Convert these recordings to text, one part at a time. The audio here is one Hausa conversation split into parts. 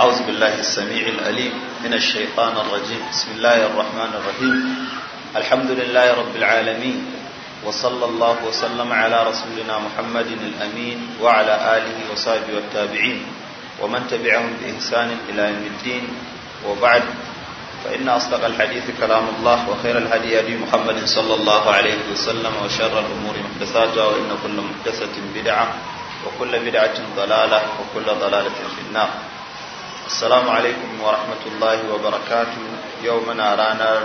أعوذ بالله السميع الأليم من الشيطان الرجيم بسم الله الرحمن الرحيم الحمد لله رب العالمين وصلى الله وسلم على رسولنا محمد الأمين وعلى آله وصحبه والتابعين ومن تبعهم بإحسان إلى يوم الدين وبعد فإن أصدق الحديث كلام الله وخير الهدي هدي محمد صلى الله عليه وسلم وشر الأمور محدثاتها وإن كل محدثة بدعة وكل بدعة ضلالة وكل ضلالة في النار Assalamu alaikum wa rahmatullahi wa barakatu yau muna ranar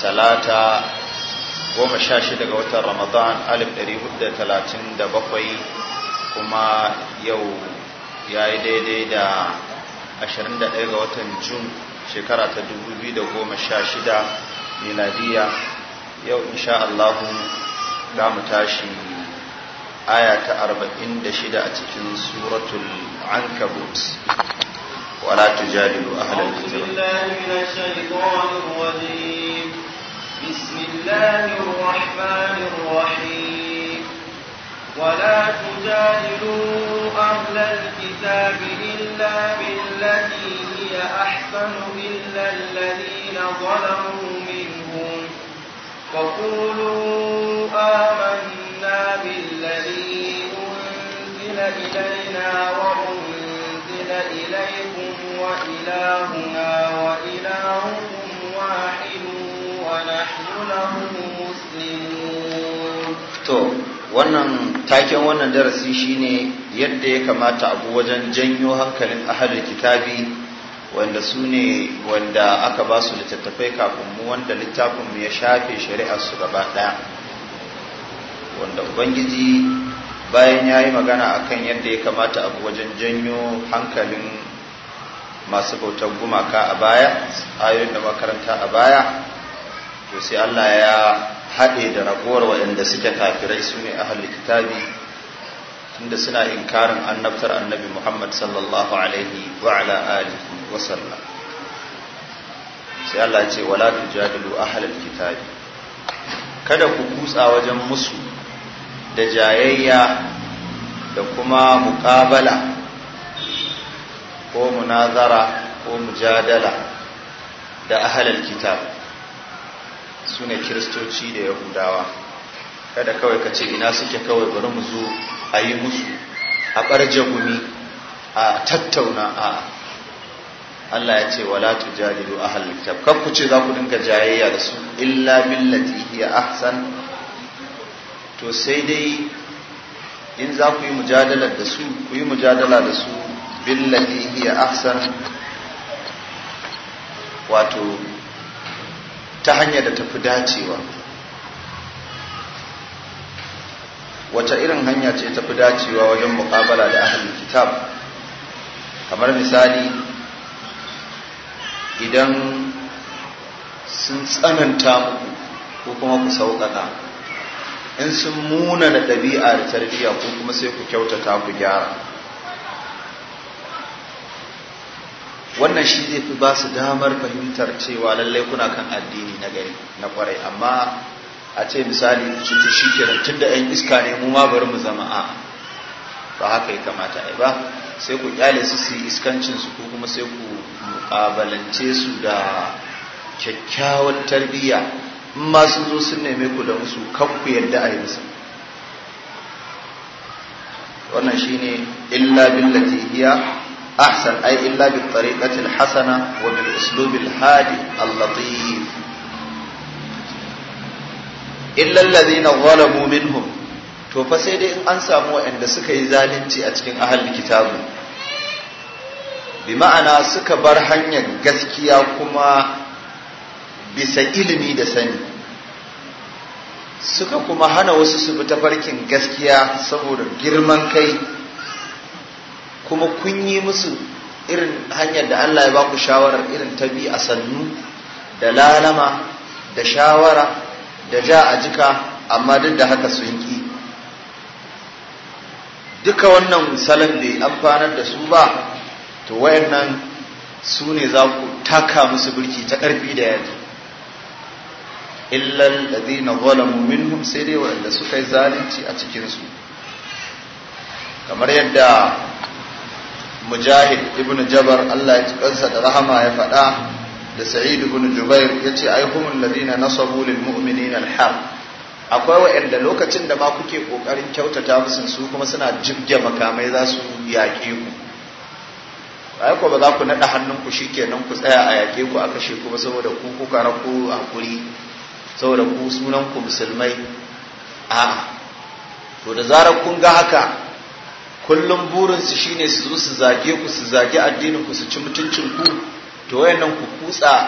talata goma sha shida ga watan Ramadan alif ɗari da talatin da bakwai kuma yau ya yi daidai da ashirin da ɗaya ga watan Jun shekara ta dubu biyu da goma sha shida miladiya yau insha Allahu za mu tashi aya ta arba'in da shida a cikin suratul ankabut ولا تجادلوا أهل الكتاب بالله من الشيطان الرجيم بسم الله الرحمن الرحيم ولا تجادلوا أهل الكتاب إلا بالتي هي أحسن إلا الذين ظلموا منهم وقولوا آمنا بالذي أنزل إلينا وأنزل إليكم وإلهنا وإلهكم واحد ونحن له مسلمون تو wannan taken wannan darasi shine yadda ya kamata abu wajen janyo hankalin ahalin kitabi wanda su ne wanda aka ba su littattafai kafin mu wanda littafin mu ya shafe shari'ar su gaba daya wanda ubangiji bayan ya yi magana akan yadda ya kamata abu wajen janyo hankalin masu bautar gumaka a baya ayoyin da makaranta a baya to sai Allah ya haɗe da ragowar waɗanda suke kafirai su ne ahalli kitabi tunda suna inkarin annabtar annabi Muhammad sallallahu alaihi wa ala alihi wa sallam sai Allah ya ce wala tujadilu kitabi kada ku kutsa wajen musu da jayayya da kuma muƙabala ko munazara ko mujadala da ahalal kitab su ne kiristoci da yahudawa kada kawai ka ce ina suke kawai bari mu zo a yi musu a ɓarje gumi a tattauna a Allah ya ce wala tujadilu ahlul kitab kan ku ce za ku dinga jayayya da su illa billati hiya ahsan to sai dai in za ku yi mujadala da su ku yi mujadala da su billati hiya ahsan wato ta hanyar da tafi dacewa wata irin hanya ce tafi dacewa wajen muƙabala da ahlul kitab kamar misali idan sun tsananta muku ko kuma ku sauƙaƙa in sun muna da ɗabi'a da tarbiyya ko kuma sai ku kyautata ku gyara wannan shi zai fi ba su damar fahimtar cewa lallai kuna kan addini na gari na kwarai amma a ce misali su ce shi kiran tun da 'yan iska ne mu ma bari mu zama a ba haka ya kamata yi ba sai ku kyale su su yi iskancin su ko kuma sai ku mukabalance su da kyakkyawan tarbiyya in ma sun zo sun neme ku da musu kan ku yadda a yi musu wannan shine illa billati hiya أحسن أي إلا بالطريقة الحسنة وبالأسلوب الهادي اللطيف إلا الذين ظلموا منهم to fa sai dai an samu waɗanda suka yi zalunci a cikin ahalin kitabu bi ma'ana suka bar hanyar gaskiya kuma bisa ilimi da sani suka kuma hana wasu su bi tafarkin gaskiya saboda girman kai kuma kun yi musu irin hanyar da Allah ya ba ku shawarar irin ta bi a sannu da lalama da shawara da ja a jika amma duk da haka sun ki duka wannan salon bai amfanar da su ba to wayannan su ne za ku taka musu birki ta ƙarfi da yaji illal ladina zalamu minhum sai dai wanda suka yi zalunci a cikin su kamar yadda mujahid ibn jabar Allah ya ci kansa da rahama ya faɗa da sa'id ibn jubair ya ce ai humul ladina nasabu lil mu'minina al akwai waɗanda lokacin da ma kuke ƙoƙarin kyautata musu su kuma suna jibge makamai za su yaƙe ku ai ko ba za ku naɗa ku shikenan ku tsaya a yaƙe ku a kashe ku saboda ku kuka ku hakuri saboda ku sunan ku musulmai a to da zarar kun ga haka kullum burinsu shine su zo su zage ku su zage addinin ku su ci mutuncin ku to wayannan ku kutsa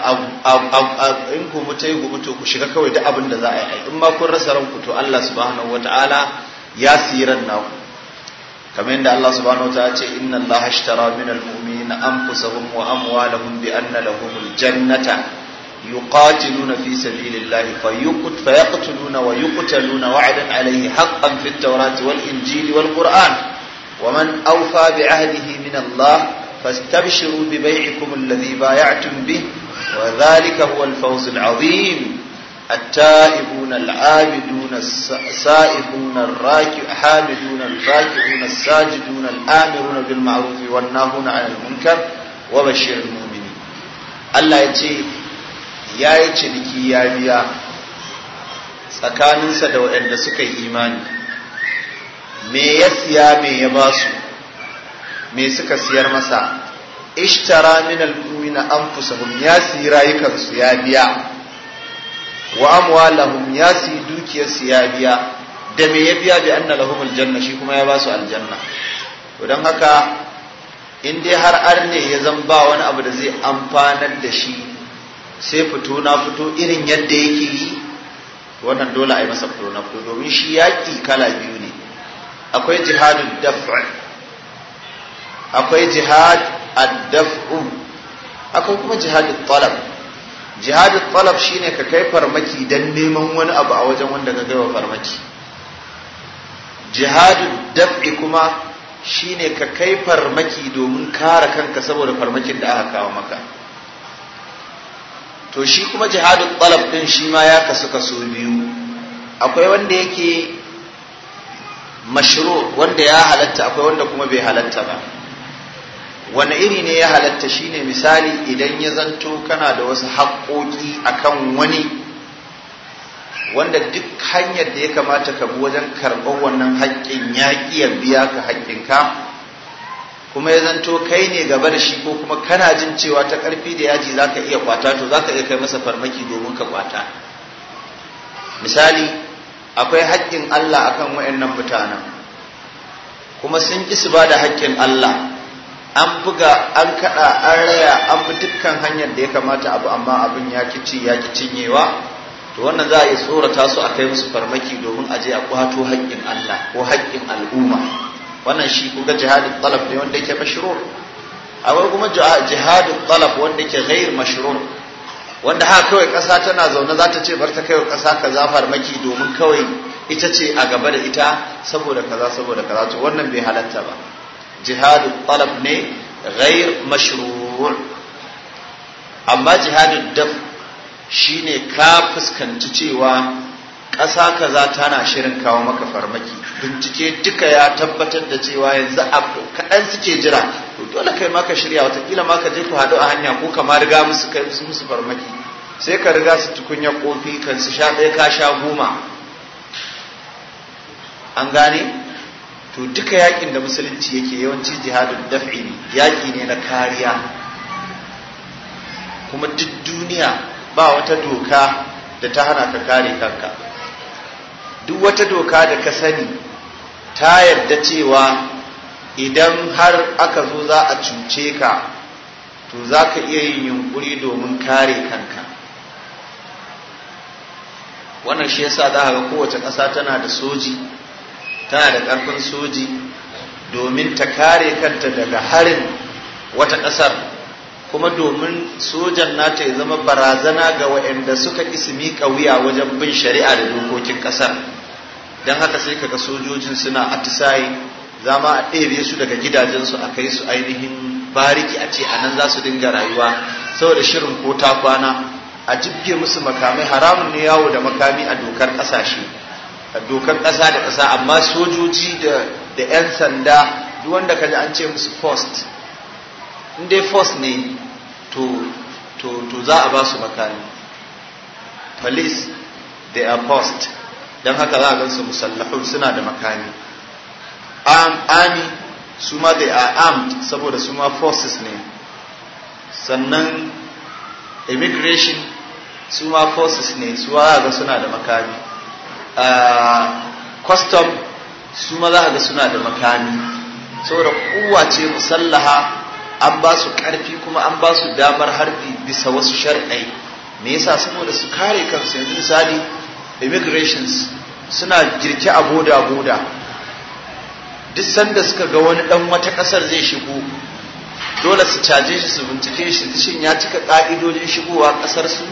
in ku mutai ku to ku shiga kawai da abin da za a yi in ma kun rasa ranku to Allah subhanahu wataala ya siran ku. kamar yadda Allah subhanahu wataala ce inna Allah ashtara min al-mu'minina anfusahum wa amwalahum bi anna al jannata fi يقاتلون wa yuqtaluna wa'dan alayhi haqqan fi at حقا wal injili wal quran ومن أوفى بعهده من الله فاستبشروا ببيعكم الذي بايعتم به وذلك هو الفوز العظيم التائبون العابدون السائحون الحامدون الراكعون الساجدون الآمرون بالمعروف والناهون عن المنكر وبشر المؤمنين الله يتي يا يتي يا بيا tsakaninsa da waɗanda suka yi imani me ya siya me ya ba su me suka siyar masa ishtara min al-mu'mina anfusahum ya siyi rayukansu ya biya wa amwalahum ya dukiyarsu ya biya da me ya biya bi anna lahum aljanna shi kuma ya ba su aljanna to don haka in dai har ne ya zan ba wani abu da zai amfanar da shi sai fito na fito irin yadda yake yi wannan dole a yi masa fito na fito domin shi yaƙi kala biyu ne akwai jihadun daf'a akwai jihad ad-daf'u akwai kuma jihadun talab jihadun talab shine ka kai farmaki dan neman wani abu a wajen wanda ka gaiwa farmaki jihadun daf'i kuma shine ka kai farmaki domin kare kanka saboda farmakin da aka kawo maka to shi kuma jihadun talab din shi ma ya kasu kaso biyu akwai wanda yake mashru wanda ya halatta akwai wanda kuma bai halatta ba wani iri ne ya halatta shine misali idan ya zanto kana da wasu haƙoƙi akan wani wanda duk hanyar da ya kamata ka bi wajen karɓar wannan haƙƙin ya ya biya ka haƙƙinka kuma ya zanto kai ne gaba da shi ko kuma kana jin cewa ta ƙarfi da yaji za ka iya kwata to za ka iya kai masa farmaki domin ka kwata misali akwai haƙƙin Allah akan wayannan mutanen kuma sun ƙi su ba da haƙƙin Allah an buga an kaɗa an raya an bi dukkan hanyar da ya kamata abu amma abin ya kici ya ki cinyewa to wannan za a yi tsorata su a kai musu farmaki domin a je a kwato haƙƙin Allah ko haƙƙin al'umma wannan shi kuga jihadin talab ne wanda yake mashrur akwai kuma jihadin talab wanda yake ghair mashrur wanda haka kawai ƙasa tana zaune za ta ce bar ta kaiwa ƙasa ka zafar maki domin kawai ita ce a gaba da ita saboda kaza saboda kaza to wannan bai halatta ba jihadu talab ne ghair mashru' amma jihadu daf shine ka fuskanci cewa ƙasa kaza na shirin kawo maka farmaki bincike duka ya tabbatar da cewa yanzu a kaɗan suke jira to dole kai maka shirya watakila ma ka je ku haɗu a hanya ko kama riga musu kai musu farmaki sai ka riga su tukunya kofi kan su sha ɗaya ka sha goma an gane to duka yakin da musulunci yake yawanci jihadin daf'i ne yaƙi ne na kariya kuma duk duniya ba wata doka da ta hana ka kare kanka duk wata doka da ka sani ta yarda cewa idan har aka zo za a cuce ka to za ka iya yin yunkuri domin kare kanka wannan shi yasa za ga kowace ƙasa tana da soji tana da ƙarfin soji domin ta kare kanta daga harin wata ƙasar kuma domin sojan nata ya zama barazana ga waɗanda suka ismi miƙa wajen bin shari'a da dokokin ƙasar don haka sai kaga sojojin suna atisaye za ma a ɗebe su daga gidajensu a kai su ainihin bariki a ce a nan za su dinga rayuwa saboda shirin ko ta kwana a jibge musu makamai haramun ne yawo da makami a dokar ƙasashe a dokar ƙasa da ƙasa amma sojoji da 'yan sanda duk wanda kaji an ce musu first in dai first ne to to to za a ba su makami police they are don haka za a gansu musallahun suna da makami Army, su ma they are armed saboda su ma forces ne sannan immigration su ma forces ne su ma za ga suna da makami ah, custom su ma za ga suna da makami saboda kowa ce musallaha an ba su ƙarfi kuma an ba su damar harbi bisa wasu shar'ai me yasa saboda su kare kansu yanzu misali immigrations suna jirki a boda-boda duk sanda suka ga wani dan wata kasar zai shigo dole su caje shi su bincike shi shin ya cika ka'idojin shigowa kasar su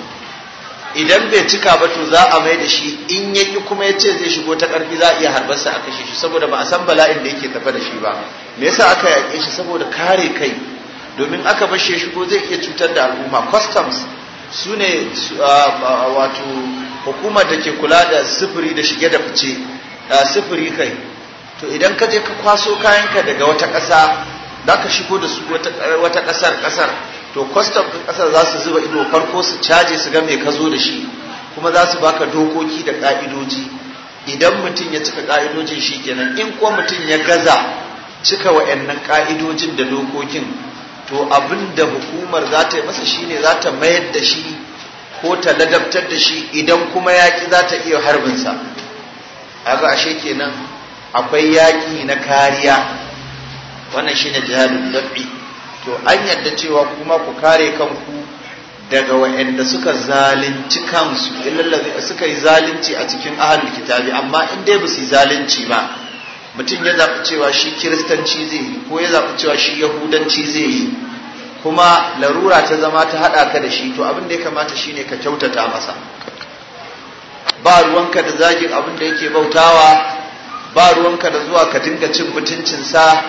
idan bai cika ba to za a mai da shi in yaki kuma ya ce zai shigo ta karfi za a iya harbarsa a kashe shi saboda ba a san bala'in da yake tafa da shi ba me yasa aka yake shi saboda kare kai domin aka bashe shigo zai iya cutar da al'umma customs su ne ah, ah, wato hukumar da ke kula da sufuri da shige da fice a sufuri kai to idan ka je ka kwaso kayanka daga wata ƙasa za ka shigo da su wata ƙasar ƙasar to kwastam ɗin ƙasar za su zuba ido farko su caje su ga mai ka zo da shi kuma za su baka dokoki da ƙa'idoji idan mutum ya cika ƙa'idojin shi kenan in kuwa mutum ya gaza cika wa'annan ƙa'idojin da dokokin to abin da hukumar za ta yi masa shine za ta mayar da shi ko ta ladabtar da shi idan kuma yaƙi za ta iya harbinsa haka ashe kenan akwai yaƙi na kariya wannan shi ne jihadul dabi to an yadda cewa kuma ku kare kanku daga waɗanda suka zalunci kansu suka yi zalunci a cikin ahalul kitabi amma in dai ba su yi zalunci ba mutum ya zaɓi cewa shi kiristanci zai yi ko ya zaɓi cewa shi yahudanci zai yi kuma larura ta zama ta haɗa ka da shi to abin da ya kamata shine ka kyautata masa ba ruwanka da zagin abin da yake bautawa ba ruwanka da zuwa ka dinga cin sa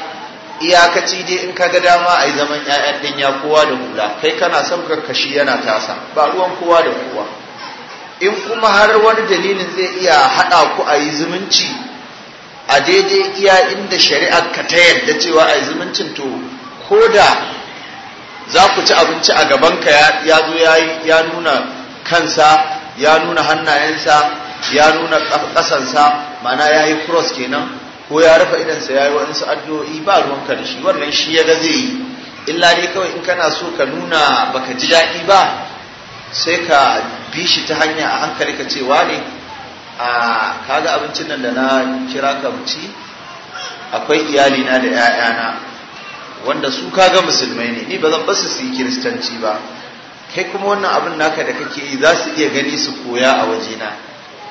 iyakaci dai in ka ga dama a yi zaman 'ya'yan ya kowa da kula, kai kana son karkashi yana tasa ba ruwan kowa da kowa in kuma har wani dalilin zai iya haɗa ku a yi zumunci a daidai iya inda shari'ar ka ta yarda cewa a yi zumuncin to ko da za ku ci abinci a gabanka ya zo ya nuna kansa ya nuna hannayensa ya nuna ƙasansa ma'ana ya yi cross kenan ko ya rufe idansa ya yi waɗansu addu'o'i ba ruwanka da shi wannan shi ya ga zai yi illa dai kawai in kana so ka nuna baka ji daɗi ba sai ka bi shi ta hanya a hankali ka ce ne? a kaga abincin nan da na kira ka ci akwai iyalina da 'ya'yana wanda su ka ga musulmai ne ni ba zan basu su yi kiristanci ba kai kuma wannan abin naka da kake yi za su iya gani su koya a waje na.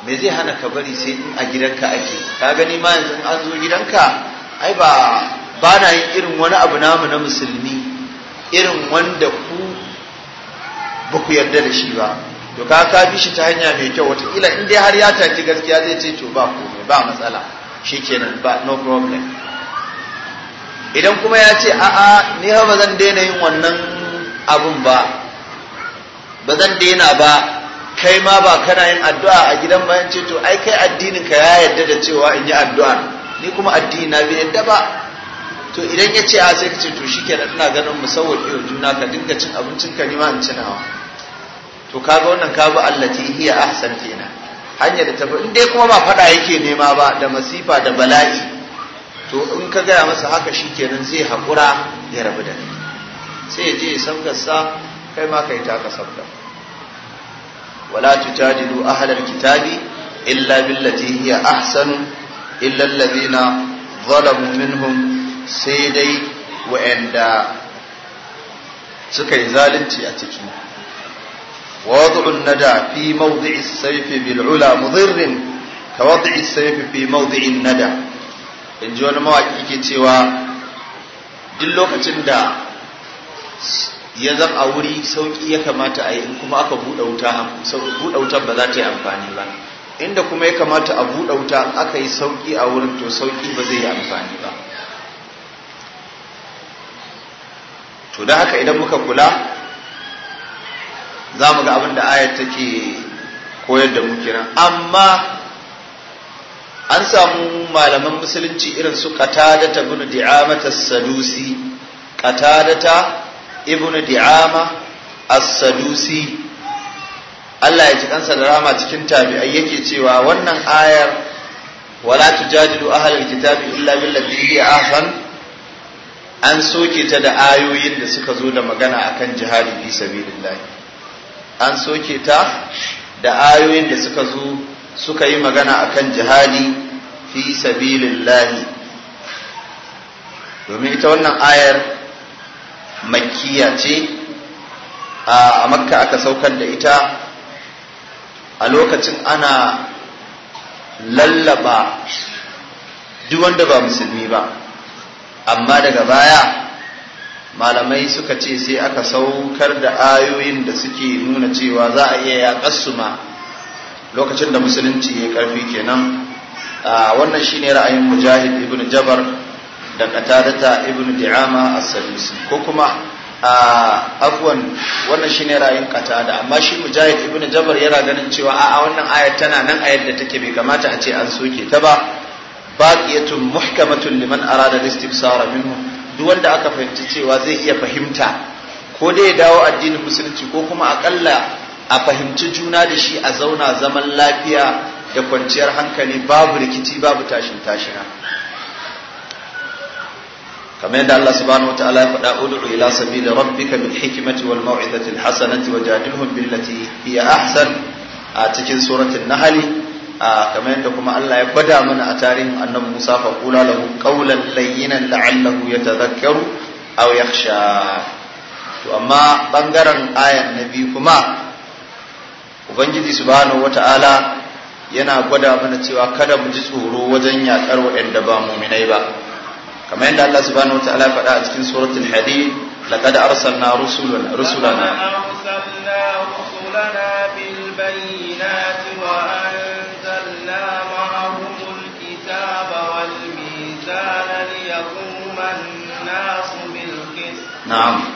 me zai hana ka bari sai in a gidanka ake ka gani ma yanzu an zo gidanka ai ba ba na yin irin wani abu namu na musulmi irin wanda ku ba ku yarda da shi ba to ka ka bi shi ta hanya mai kyau wataƙila in dai har ya taki gaskiya zai ce to ba komai ba matsala shikenan ba no problem idan kuma ya ce a'a ni ba zan daina yin wannan abun ba ba zan daina ba kai ma ba kana yin addu'a a gidan bayan ce to ai kai addinin ka ya yarda da cewa in yi addu'a ni kuma addini na bai yarda ba to idan ya ce a sai ka ce to shikenan ina ganin mu sauwaƙe juna ka dinga cin abincin ka ni ma in cinawa to kaga wannan ka bi allati hiya ahsan kenan hanya da tafi in dai kuma ba fada yake nema ba da masifa da bala'i to in ka gaya masa haka shi kenan zai haƙura ya rabu da kai sai je gasa kai ma kai taka sabga wala tujadilu ahlal kitabi illa billati hiya ahsanu illa alladhina zalamu minhum sai dai wa'anda suka yi zalunci a ciki wadu'un nada fi mawdi'i as-sayf bil ula mudhirr ka wad'i as fi nada in wani mawaƙi ke cewa duk lokacin da ya zan a wuri sauƙi ya kamata a yi in kuma aka buɗe wuta wutar ba za ta yi amfani ba inda kuma ya kamata a buɗe wuta aka yi sauƙi a wurin to sauƙi ba zai yi amfani ba to da haka idan muka kula za mu ga abin da ayar take koyar da mu kenan amma an samu malaman musulunci irin su qatadata ibn di'amata as-sadusi qatadata ibn di'ama as-sadusi Allah ya ji kansa da rama cikin tabi'ai yake cewa wannan ayar wala tujadilu ahlul kitabi illa billati hi ahsan an soke ta da ayoyin da suka zo da magana akan jihadi fi sabilillah an soke ta da ayoyin da suka zo suka yi magana a kan jihadi fi sabilillahi domin ita wannan ayar makiya ce a makka aka saukar da ita a lokacin ana lallaba duk wanda ba musulmi ba amma daga baya malamai suka ce sai aka saukar da ayoyin da suke nuna cewa za a iya yaƙar su ma lokacin da musulunci ya karfi kenan wannan shine ra'ayin mujahid ibn jabar da qatadata ibn di'ama as-sadusi ko kuma afwan wannan shine ra'ayin qatada amma shi mujahid ibn jabar yana ganin cewa a'a wannan ayat tana nan ayat da take bai kamata a ce an soke ta ba baqiyatun muhkamatun liman arada al-istibsara minhu duk wanda aka fahimci cewa zai iya fahimta ko dai ya dawo addinin musulunci ko kuma akalla a fahimci juna da shi a zauna zaman lafiya da kwanciyar hankali babu rikici babu tashin tashina kamar yadda Allah subhanahu wataala ya faɗa ud'u ila sabili rabbika bil hikmati wal mau'izati al hasanati wajadilhum billati hiya ahsan a cikin suratul nahl kamar yadda kuma Allah ya gwada mana a tarihin annabi Musa fa qula lahu qawlan layyinan la'allahu yatadhakkaru aw yakhsha to amma bangaren ayan nabi kuma ubangiji subhanahu wata'ala yana gwada mana cewa kada mu ji tsoro wajen yakar waɗanda ba muminai ba kamar yadda Allah subhanahu wata'ala ya faɗa a cikin suratul hadid laqad arsalna rusulana rusulana bil bayyinati wa anzalna ma'ahum al kitaba wal mizana liyaquma an-nasu bil qist na'am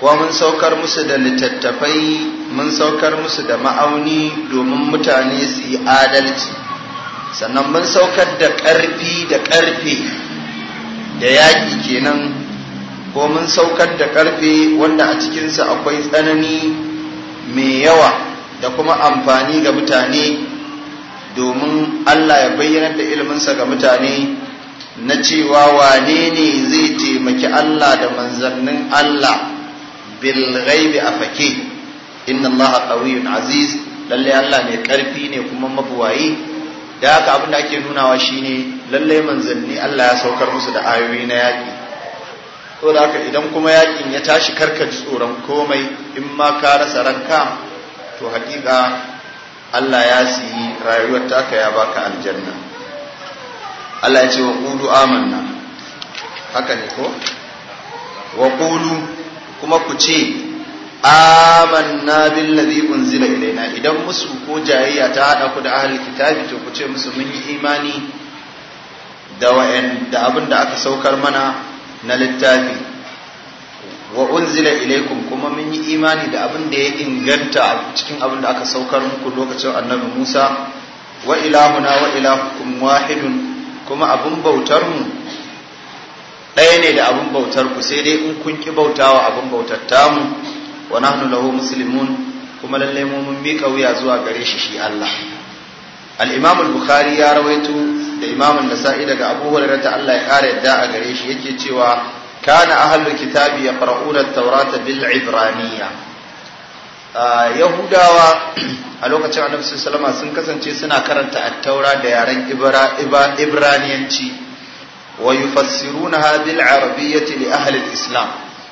ko mun saukar musu da littattafai mun saukar musu da ma'auni domin mutane su yi adalci sannan mun saukar da ƙarfi da ƙarfe da yaƙi kenan ko mun saukar da ƙarfe wanda a cikinsa akwai tsanani mai yawa da kuma amfani ga mutane domin Allah ya bayyana da ilminsa ga mutane na cewa wane ne zai taimaki Allah da manzannin Allah bil ghaibi afake inna allaha qawiyyun aziz lallai Allah mai ƙarfi ne kuma mabuwayi da haka abin da ake nunawa shine lalle manzanni Allah ya saukar musu da ayoyi na yaki to da idan kuma yakin ya tashi karka ji tsoron komai in ma ka rasa ranka to hakika Allah ya siyi rayuwar taka ya baka aljanna Allah ya ce wa qulu amanna haka ne ko wa qulu kuma ku ce amanna billazi unzila ilaina idan musu ko jayayya ta hada ku da ahlul kitabi to ku ce musu mun yi imani da wa'an da abin da aka saukar mana na littafi wa unzila ilaikum kuma mun yi imani da abin da ya inganta cikin abin da aka saukar muku lokacin annabi Musa wa ilahuna wa ilahukum wahidun kuma abin bautar mu ɗaya ne da abin bautar ku sai dai in kun ki bautawa abin bautar tamu wa nahnu lahu muslimun kuma lalle mu mun mika wuya zuwa gare shi shi Allah al-Imam al-Bukhari ya rawaito da Imam an-Nasa'i daga Abu Hurairah ta Allah ya kare yadda a gare shi yake cewa kana ahlul kitabi yaqra'una at-taurata bil ibraniyya Yahudawa a lokacin Annabi sallallahu alaihi wasallam sun kasance suna karanta at-taura da yaren Ibraniyanci wa yufassirunaha bil arabiyyati li ahli al islam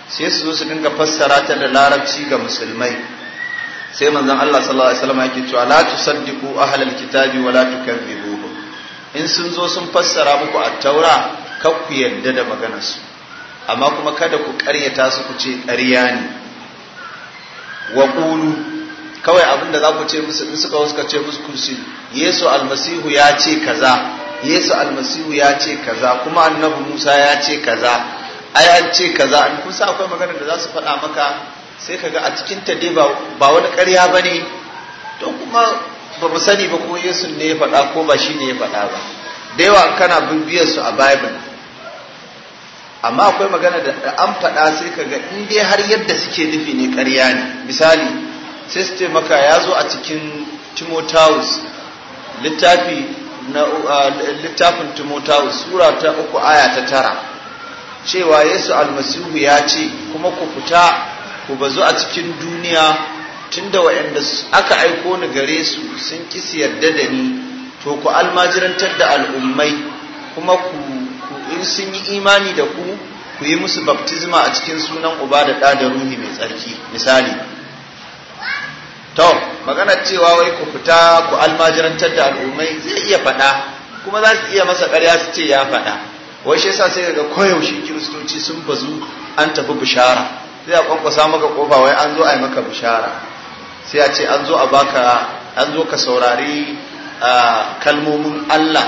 sai su zo su dinga fassara ta da larabci ga musulmai sai manzon Allah sallallahu alaihi wasallam yake cewa la tusaddiqu ahli al kitabi wa la tukadzibuhum in sun zo sun fassara muku at-taura kar ku yarda da maganar amma kuma kada ku ƙaryata su ku ce ƙarya ne wa qulu kawai abin da za ku ce musu in suka suka ce musu Yesu almasihu ya ce kaza yesu almasihu ya ce kaza kuma annabi musa ya ce kaza ai an ce kaza an kusa akwai magana da za su faɗa maka sai kaga a cikin ta dai ba wani ƙarya ba ne to kuma ba mu sani ba ko yesu ne ya faɗa ko ba shi ne ya faɗa ba da yawa kana bibiyar su a bible amma akwai magana da an faɗa sai kaga in dai har yadda suke nufi ne ƙarya ne misali sai su ce maka ya zo a cikin timotheus littafi na littafin Timotawu sura ta uku aya ta tara cewa Yesu almasihu ya ce kuma ku fita ku bazu a cikin duniya tunda waɗanda aka aiko ni gare su sun kisi yarda da ni to ku almajirantar da al'ummai kuma ku in sun yi imani da ku ku yi musu baptisma a cikin sunan uba da ɗa da ruhi mai tsarki misali to maganar cewa wai ku fita ku almajirantar da al'ummai zai iya faɗa kuma za su iya masa ƙarya su ce ya faɗa wai shi yasa sai daga koyaushe kiristoci sun bazu an tafi bishara sai a kwankwasa maka kofa wai an zo a yi maka bishara sai a ce an zo a baka an zo ka saurari kalmomin Allah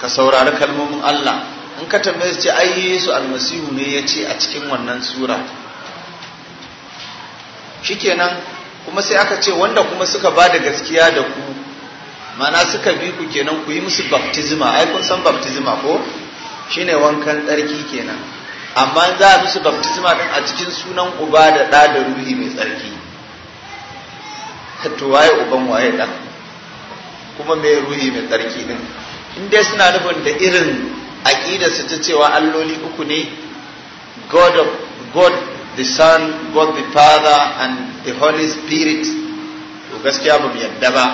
ka saurari kalmomin Allah in ka tambaye su ce ai Yesu almasihu ne ya ce a cikin wannan sura shikenan kuma sai aka ce wanda kuma suka ba da gaskiya da ku mana suka bi ku kenan ku yi musu baptisma ai kun san baptisma ko shine wankan tsarki kenan amma za a musu baptisma din a cikin sunan uba da ɗa da ruhi mai tsarki to waye uban waye dan kuma mai ruhi mai tsarki din in dai suna nufin da irin aƙida su ta cewa alloli uku ne god of god the son god the father and the holy spirit to gaskiya ba mu yadda ba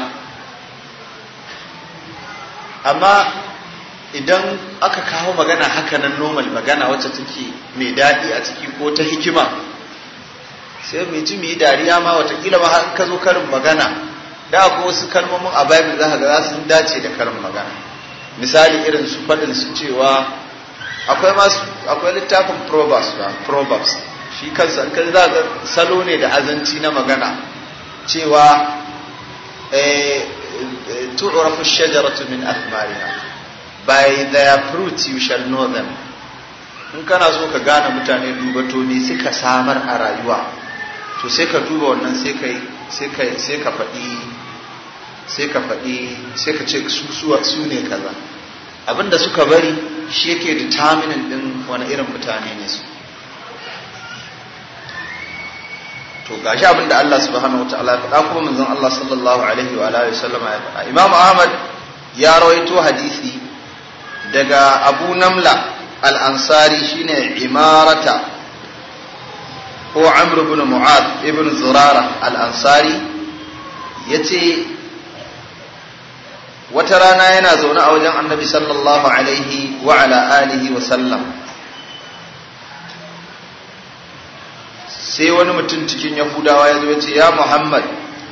amma idan aka kawo magana haka nan normal magana wacce take mai daɗi a ciki ko ta hikima sai mai ji mai dariya ma watakila ma har ka zo karin magana da ko wasu kalmomin a bible za ga za su dace da karin magana misali irin su faɗin su cewa akwai masu akwai littafin proverbs ba proverbs shi kansa kan za ka salo ne da azanci na magana cewa eh, eh, tu'rafu shajaratu min athmariha by their fruits you shall know them in kana so ka gane mutane duba to ne suka samar a rayuwa to sai ka duba wannan sai ka faɗi sai ka faɗi sai ka ce su su ne kaza abinda suka bari shi yake determinant din wani irin mutane ne su to gashi abin da Allah subhanahu wataala ya faɗa kuma manzon Allah sallallahu alaihi wa alihi wasallama ya faɗa Imam Ahmad ya rawaito hadisi daga Abu Namla al-Ansari shine imarata ko Amr ibn Mu'ad ibn Zurara al-Ansari yace wata rana yana zaune a wajen Annabi sallallahu alaihi wa ala alihi wa sallam sai wani mutum cikin yahudawa ya zo ya ce ya muhammad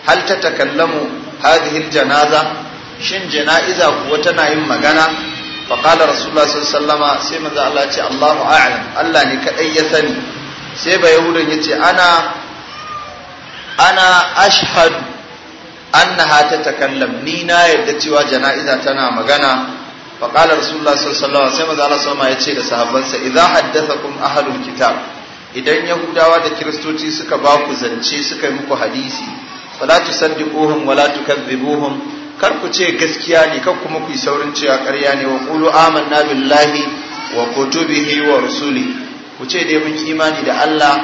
hal ta takallamu hadhihi janaza shin jana'iza kuwa tana yin magana fa qala rasulullah sallallahu alaihi sai manzo Allah ya ce Allahu a'lam Allah ne kadai ya sani sai ba yahudan ya ce ana ana ashhadu annaha ta takallam ni na yarda cewa jana'iza tana magana fa qala rasulullah sallallahu alaihi wasallam sai manzo Allah ya ce da sahabbansa idza haddathakum ahlul kitab idan yahudawa da kiristoci suka ba ku zance suka yi muku hadisi wala saddiquhum wala tukazzibuhum kar ku ce gaskiya ne kar kuma ku yi saurin cewa ƙarya ne wa qulu amanna billahi wa kutubihi wa rusuli ku ce dai mun imani da Allah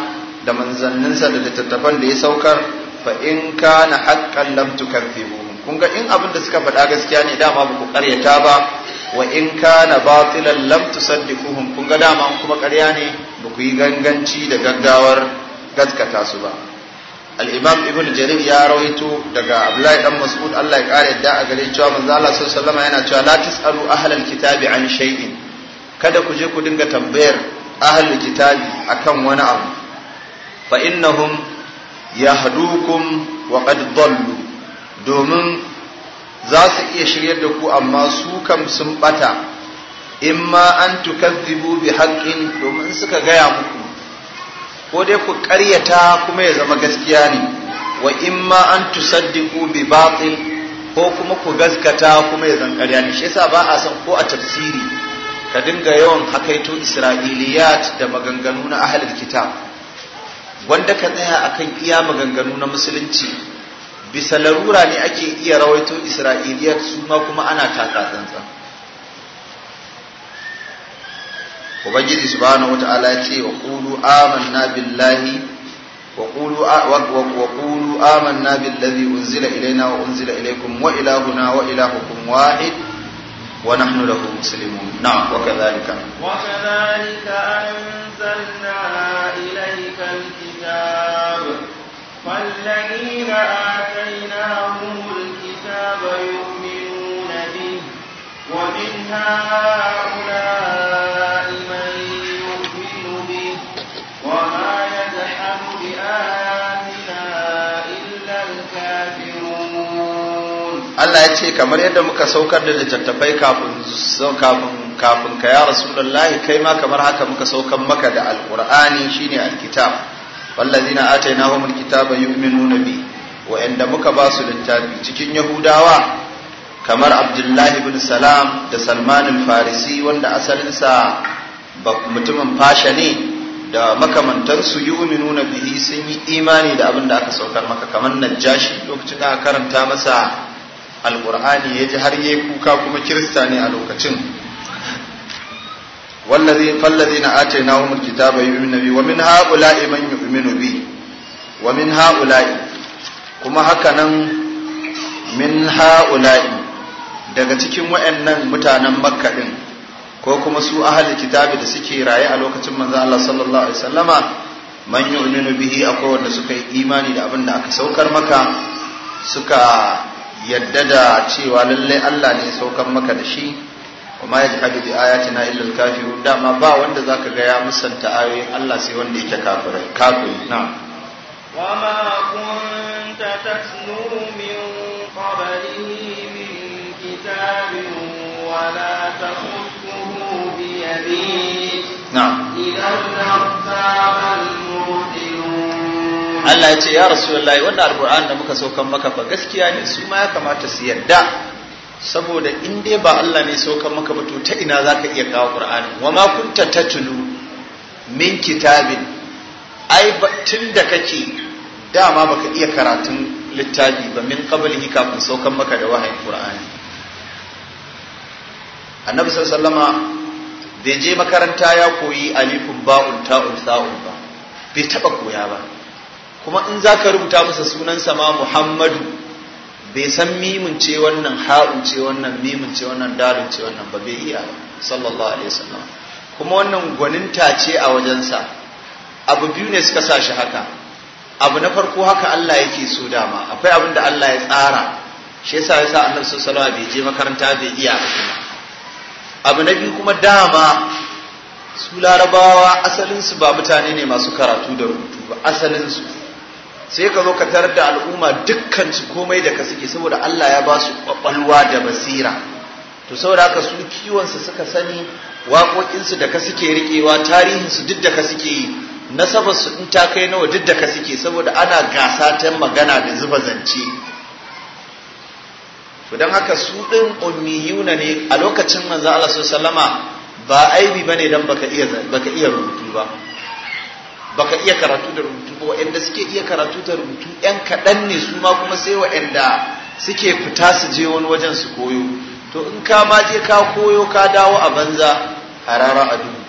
da manzanninsa da littattafan da ya saukar fa in kana haqqan lam tukazzibuhum kun ga in abin da suka faɗa gaskiya ne dama ba ku ƙaryata ba wa in kana batilan lam tusaddiquhum kun ga dama kuma ƙarya ne ba ku yi ganganci da gaggawar gaskata su ba al-imam ibn jarir ya rawaito daga abdullahi dan mas'ud Allah ya kare yadda a gare cewa manzo Allah sallallahu alaihi yana cewa la tisalu ahlal kitabi an shay'in kada ku je ku dinga tambayar ahlul kitabi akan wani abu fa innahum yahdukum wa qad dallu domin za su iya shiryar da ku amma su kam sun bata imma an tukazzibu bi haqqin domin suka gaya muku ko dai ku ƙaryata kuma ya zama gaskiya ne wa imma an tusaddiqu bi batil ko kuma ku gaskata kuma ya zama ƙarya ne shi yasa ba a son ko a tafsiri ka dinga yawan hakaito isra'iliyat da maganganu na ahlul kitab wanda ka tsaya akan iya maganganu na musulunci bisa larura ne ake iya rawaito isra'iliyat su ma kuma ana taka tsantsan ubangiji subhanahu wataala ya ce wa qulu amanna billahi wa kulu wa qulu amanna billazi unzila ilaina wa unzila ilaykum wa ilahuna wa ilahukum wahid wa nahnu lahu muslimun na'am wa kadhalika wa kadhalika anzalna ilayka alkitab فالذين آتيناهم الكتاب يؤمنون به ومن هؤلاء ya ce kamar yadda muka saukar da littattafai kafin kaya ka ya rasulullahi kai ma kamar haka muka saukar maka da alkur'ani shine alkitab wallazina atainahumul kitaba nuna bi wa'anda muka ba su littafi cikin yahudawa kamar abdullahi bin salam da salmanin farisi wanda asalinsa mutumin fasha ne da makamantansu nuna bihi sun yi imani da abin da aka saukar maka kamar najashi lokacin da aka karanta masa alkur'ani ya ji har yayi kuka kuma kirista ne a lokacin wallazi fallazi na ace na umar kitaba yu'minu nabi wa min haula'i man yu'minu bi wa min haula'i kuma haka nan min haula'i daga cikin wa'annan mutanen makka din ko kuma su ahli kitabi da suke raye a lokacin manzo Allah sallallahu alaihi wasallama man yu'minu bihi akwai wanda suka yi imani da abin da aka saukar maka suka yadda da cewa lallai Allah ne saukan maka da shi wa ma yajhadu bi ayatina illa kafirun dama ba wanda zaka ga ya musanta ayoyin Allah sai wanda yake kafirai kafiri na wa ma kunta tatlu min qablihi min kitabin wa la tahtuhu bi yamin na idan Allah ya ce ya rasulullahi wannan alqur'ani da muka saukan maka ba gaskiya ne su ma ya kamata su yarda saboda in dai ba Allah ne saukan maka ba to ta ina zaka iya kawo qur'ani wa ma kunta tatlu min kitabin ai tun da kake dama baka iya karatun littafi ba min qablihi kafin saukan maka da wahayin qur'ani annabi sallallahu bai je makaranta ya koyi alifun ba'un ta'un sa'un ba bai taba koya ba kuma in za ka rubuta masa sunansa ma muhammadu bai san mimin ce wannan ha'un ce wannan mimin ce wannan dalin ce wannan ba bai iya sallallahu alaihi wasallam kuma wannan gwaninta ce a wajensa abu biyu ne suka sa shi haka abu na farko haka Allah yake so dama akwai abin da Allah ya tsara shi yasa yasa annabi sallallahu alaihi wasallam bai je makaranta bai iya abu na biyu kuma dama su larabawa asalinsu ba mutane ne masu karatu da rubutu ba asalinsu sai ka zo ka tarar da al'umma dukkan su komai da ka suke saboda Allah ya ba su kwakwalwa da basira to saboda haka su kiwon suka sani waƙoƙinsu da ka suke riƙewa tarihin duk da ka suke yi nasabar su in ta kai nawa duk da ka suke saboda ana gasa ta magana da zuba zance to don haka su ɗin ummiyuna ne a lokacin manzo Allah wasallama ba aibi bane dan baka iya baka iya rubutu ba baka iya karatu da rubutu ba waɗanda suke iya karatu da rubutu ‘yan kaɗan ne su ma kuma sai waɗanda suke fita su je wani wajen su koyo to in ka ma je ka koyo ka dawo a banza harara a duhu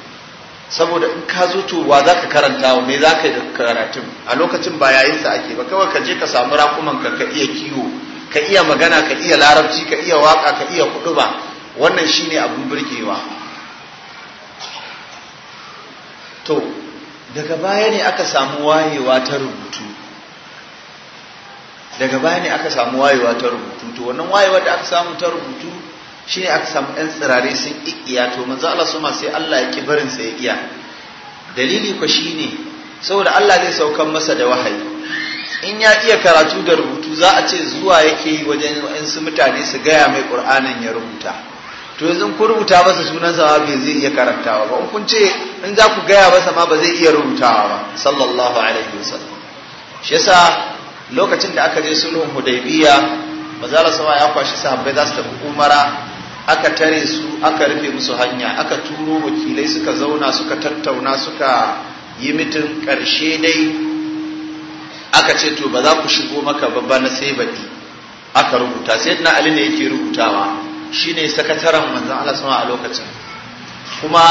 saboda in ka zo to wa zaka karanta wa me zaka yi da karatun a lokacin ba yayin sa ake ba kawai ka je ka samu rakuman ka ka iya kiwo ka iya magana ka iya larabci ka iya waka ka iya ba wannan shine abun burgewa to daga baya ne aka samu wayewa ta rubutu daga baya ne aka samu wayewa ta rubutu to wannan wayewa da aka samu ta rubutu shine aka samu ɗan tsirare sun iya to manzo Allah suma sai Allah ya ki barin sa ya iya dalili ko shine saboda Allah zai saukan masa da wahayi in ya iya karatu da rubutu za a ce zuwa yake yi wajen wa'ansu mutane su gaya mai qur'anin ya rubuta to yanzu ku rubuta masa sunansa ma bai zai iya karantawa ba kun ce in za ku gaya masa ma ba zai iya rubutawa ba sallallahu alaihi wasallam shi yasa lokacin da aka je sulhun hudaybiya bazala sama ya kwashi sahabbai za su tafi umara aka tare su aka rufe musu hanya aka turo wakilai suka zauna suka tattauna suka yi mitin karshe dai aka ce to ba za ku shigo maka babba na sai baɗi aka rubuta sai na ali ne yake rubutawa Shi ne sakataren manzan Allah sama a lokacin kuma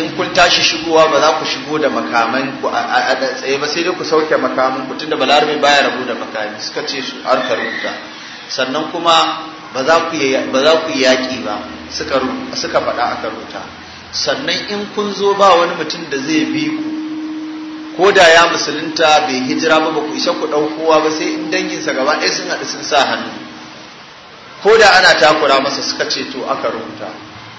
in kun tashi shigowa ba za ku shigo da makaman ku a tsaye ba sai dai ku sauke makaman ku tunda balarabe baya rabu da makami suka ce su arka rubuta sannan kuma ba za ku yi yaƙi ba suka faɗa aka rubuta sannan in kun zo ba wani mutum da zai bi ku ko da ya musulunta bai hijira ba ba ku isa ku ɗau kowa ba sai in danginsa gaba ɗaya sun haɗu sun sa hannu ko da ana takura masa suka ce to aka rubuta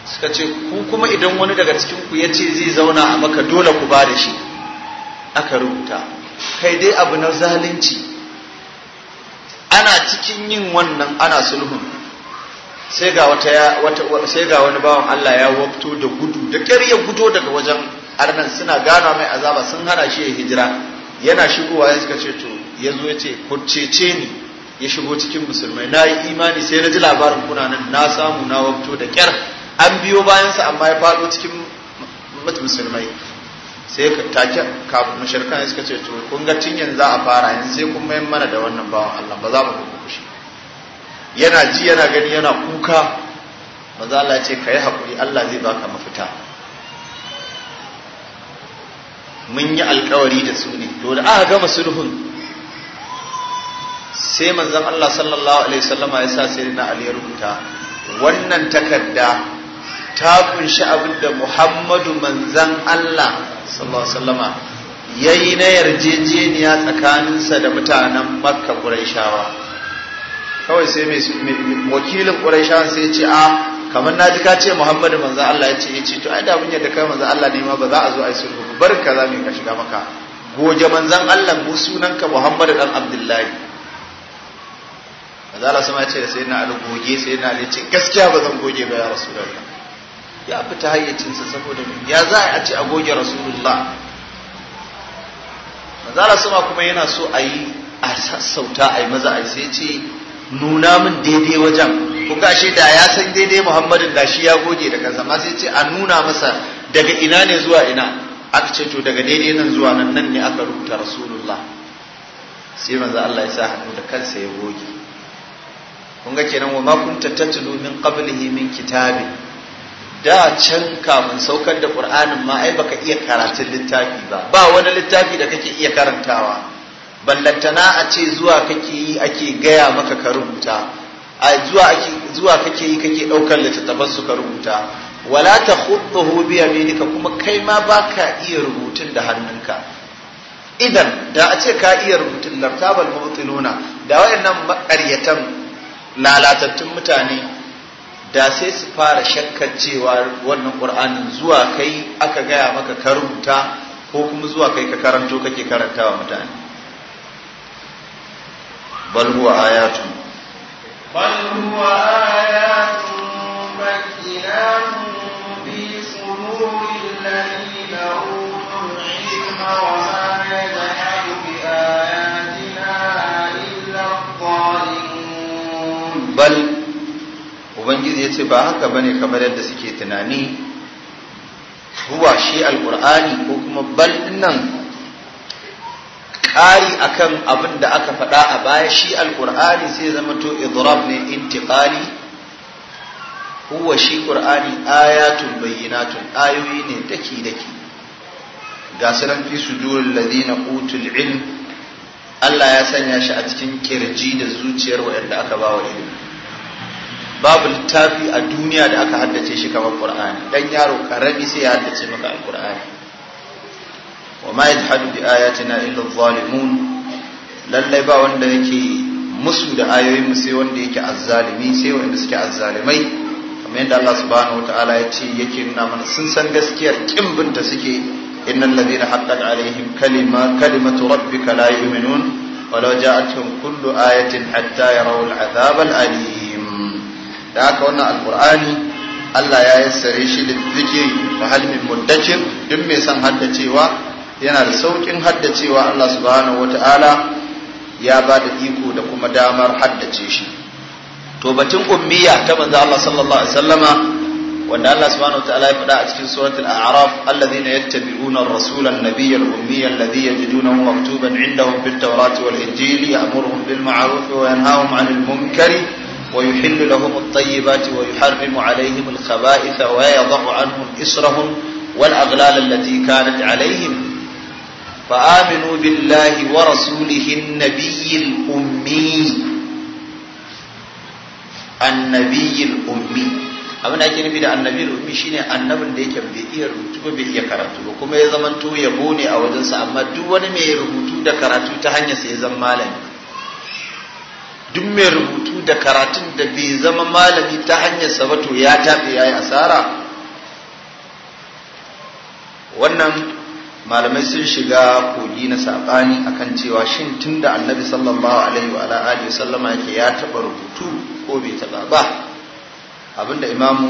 suka ce ku kuma idan wani daga cikin ku ya ce zai zauna a maka dole ku ba da shi aka rubuta kai dai abu na zalunci ana cikin yin wannan ana sulhun sai ga wata wata sai ga wani bawan Allah ya wabto da gudu da ƙyar ya gudu daga wajen arnan suna gana mai azaba sun hana shi ya hijira yana shigowa ya suka ce to yazo ya ce ku cece ni ya shigo cikin musulmai na yi imani sai na ji labarin kuna nan na samu na wato da kyar an biyo bayansa amma ya faɗo cikin musulmai sai take kafin mashirkan suka ce to kun ga tun za a fara yanzu sai kun mayar mana da wannan bawan Allah ba za mu ku kushi yana ji yana gani yana kuka maza Allah ce kai hakuri Allah zai baka mafita mun yi alkawari da su ne to da aka gama sulhun sai manzan Allah sallallahu alaihi wasallama ya sa sai na Ali ya rubuta wannan takarda ta kunshi abin da Muhammadu manzan Allah sallallahu alaihi wasallama yi na yarjejeniya tsakaninsa da mutanen Makka Qurayshawa kawai sai mai wakilin Qurayshawa sai ce a ah, kamar na ji ka ce Muhammadu manzan Allah ya ce ya ce to ai da abin yadda kai manzan Allah ne ma ba za a zo a ai sulhu barka za mu yi ka shiga maka goje manzan Allah mu sunanka Muhammadu dan Abdullahi manzo sama ya ce da sai na goge sai na ce gaskiya ba zan goge ba ya rasulullah ya fita hayyacinsa saboda ya za a ce a goge rasulullah manzo Allah sama kuma yana so a yi a sassauta a yi maza a sai ce nuna min daidai wajen kun ga shi da ya san daidai Muhammadin da shi ya goge da kansa ma sai ce a nuna masa daga ina ne zuwa ina aka ce to daga daidai nan zuwa nan nan ne aka rubuta rasulullah sai manzo Allah ya sa hannu da kansa ya goge kun ga kenan wa ma kunta tatlu min qablihi min kitabi da can kafin saukar da qur'anin ma ai baka iya karatun littafi ba ba wani littafi da kake iya karantawa ballantana a ce zuwa kake yi ake gaya maka ka rubuta a zuwa ake zuwa kake yi kake daukar littafin su ka rubuta wala ta takhutuhu bi yaminika kuma kai ma baka iya rubutun da hannunka idan da a ce ka iya rubutun lartabal mubtiluna da wayannan makaryatan lalatattun mutane da sai su fara shakkar cewa wannan ƙur'anin zuwa kai aka gaya maka ka rubuta ko kuma zuwa kai ka karanto kake karantawa mutane bal huwa ayatu bal huwa ayatu bi fi sudurin ladina utul ilma wa ubangiji ya ce ba haka bane kamar yadda suke tunani huwa shi alkur'ani ko kuma bal nan ƙari akan abin da aka faɗa a baya shi alkur'ani sai zama to idrab ne intiqali huwa shi qur'ani ayatun bayyinatun ayoyi ne daki daki ga sanan fi sudurul ladina utul ilm Allah ya sanya shi a cikin kirji da zuciyar waɗanda aka ba wa ilimi babu littafi a duniya da aka haddace shi kamar qur'ani dan yaro karami sai ya haddace maka alqur'ani wa ma yajhadu bi ayatina illa adh-dhalimun lallai ba wanda yake musu da ayoyin mu sai wanda yake azzalimi sai wanda suke azzalimai kamar yadda Allah subhanahu wataala ya ce yake nuna mana sun san gaskiyar kimbin da suke innal ladina haqqat alaihim kalima kalimatu rabbika la yu'minun kullu ayatin hatta آية al-'adhab al الأليم da haka wannan alkur'ani Allah ya yassare shi da zikiri fa hal min muddakir duk mai san haddacewa yana da saukin haddacewa Allah subhanahu wataala ya ba da iko da kuma damar haddace shi to batun ummiya ta manzo Allah sallallahu alaihi wasallama wanda Allah subhanahu wataala ya faɗa a cikin suratul a'raf alladhina yattabi'una ar-rasula an-nabiyya al-ummiyya alladhi yajidunahu maktuban 'indahum fit-tawrati wal-injili ya'muruhum bil ma'ruf wa yanhahum 'anil munkari ويحل لهم الطيبات ويحرم عليهم الخبائث ويضع عنهم إسرهم والأغلال التي كانت عليهم فآمنوا بالله ورسوله النبي الأمي النبي الأمي abin da ake nufi da annabi ummi shine annabin da yake bai iya rubutu ba bai iya karatu ba kuma ya zamanto yabo ne a wajensa amma duk wani mai rubutu da karatu ta hanyar sai ya zama malami duk mai rubutu da karatun da bai zama malami ta hanyar sabato ya tafi ya yi asara wannan malamai sun shiga kogi na saɓani kan cewa shin tun da annabi sallallahu alaihi wa alihi sallama yake ya taɓa rubutu ko bai taɓa ba abinda imamu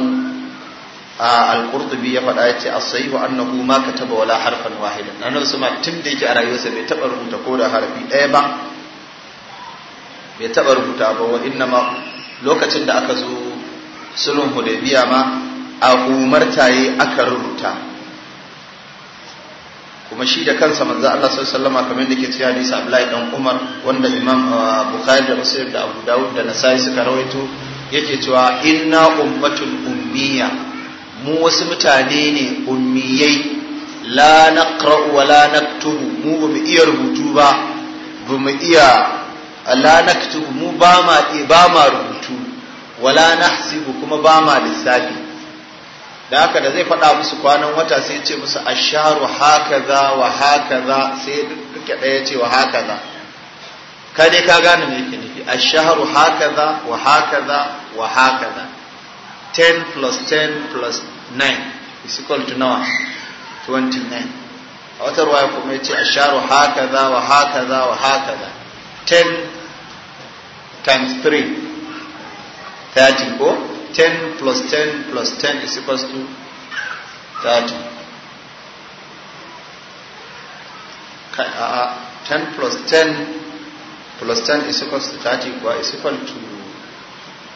a biyu ya faɗa ya ce a as na annahu ma taɓa wala harfan wahidan annabi ma tun da yake a rayuwarsa bai taɓa rubuta ko da harfi ɗaya ba bai taɓa rubuta ba wa inna ma lokacin da aka zo sulhun hudaybiya ma a umartaye aka rubuta kuma shi da kansa manzo Allah sallallahu alaihi kamar da ke cikin hadisi Abdullahi dan Umar wanda Imam uh, Bukhari da Muslim da Abu Dawud da Nasa'i suka rawaito yake cewa inna ummatul ummiya mu wasu mutane ne ummiyai la naqra wa la naktubu mu bamu iya rubutu ba mu iya la naktubu mu ba ma ba ma rubutu wala nahsibu kuma ba ma lissafi da haka da zai faɗa musu kwanan wata sai ce musu asharu hakaza wa hakaza sai duka ɗaya ce wa hakaza ka dai ka gane me yake nufi asharu hakaza wa hakaza wa hakaza 10 plus 10 plus 9 is equal to now 29 a wata ruwaya kuma ya ce asharu hakaza wa hakaza wa hakaza 10 times 3 30 ko 10 plus 10 plus 10 is equals to 30 uh, 10 plus 10 plus 10 is equals to 30 ko is equal to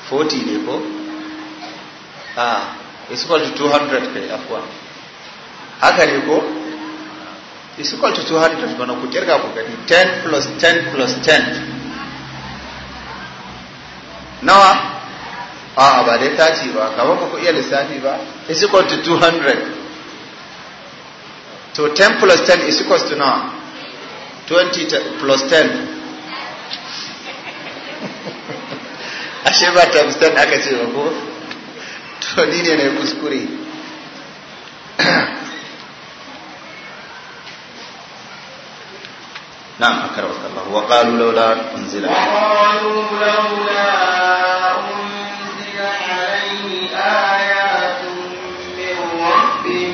40 ne ko? ah is equal to 200 kai afuwa haka ne ko? is equal to 200 bana ku kirga ku gani 10 plus 10 plus 10 nawa a a ba dai taci ba kamar ba ku iya lissafi ba is equal to 200 to 10 plus 10 is equal to nawa 20 plus 10 ashe ba times 10 aka ce ba ko to ni ne na kuskure نعم أكرمك الله وقالوا لولا أنزل عليه وقالوا لولا أنزل عليه آيات من ربه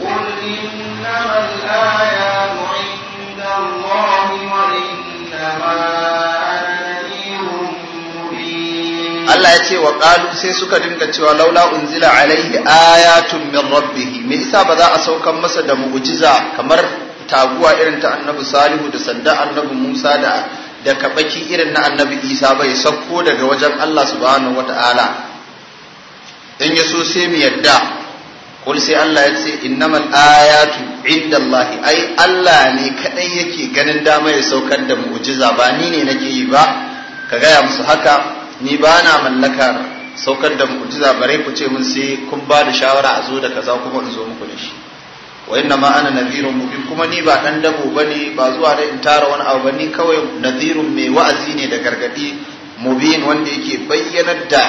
قل إنما الآيات عند الله وإنما Allah ya ce wa ƙalu sai suka dinga cewa laula unzila alaihi ayatun min rabbihi me isa ba za a saukan masa da mu'jiza kamar taguwa irin ta annabi salihu da sanda annabi musa da da kabaki irin na annabi isa bai sakko daga wajen allah subhanahu wata'ala in ya so sai mu yadda kul sai allah ya ce innamal ayatu allah ai allah ne kadai yake ganin dama ya saukar da mu'jiza ba ni ne nake yi ba ka gaya musu haka ni ba na mallakar saukar da mu'jiza bare ku ce mun sai kun ba da shawara a zo da kaza kuma in zo muku da shi wa inna ma ana nadhirun mubin kuma ni ba dan dabo bane ba zuwa da in tara wani abu bane kawai nadhirun mai wa'azi ne da gargadi mubin wanda yake bayyanar da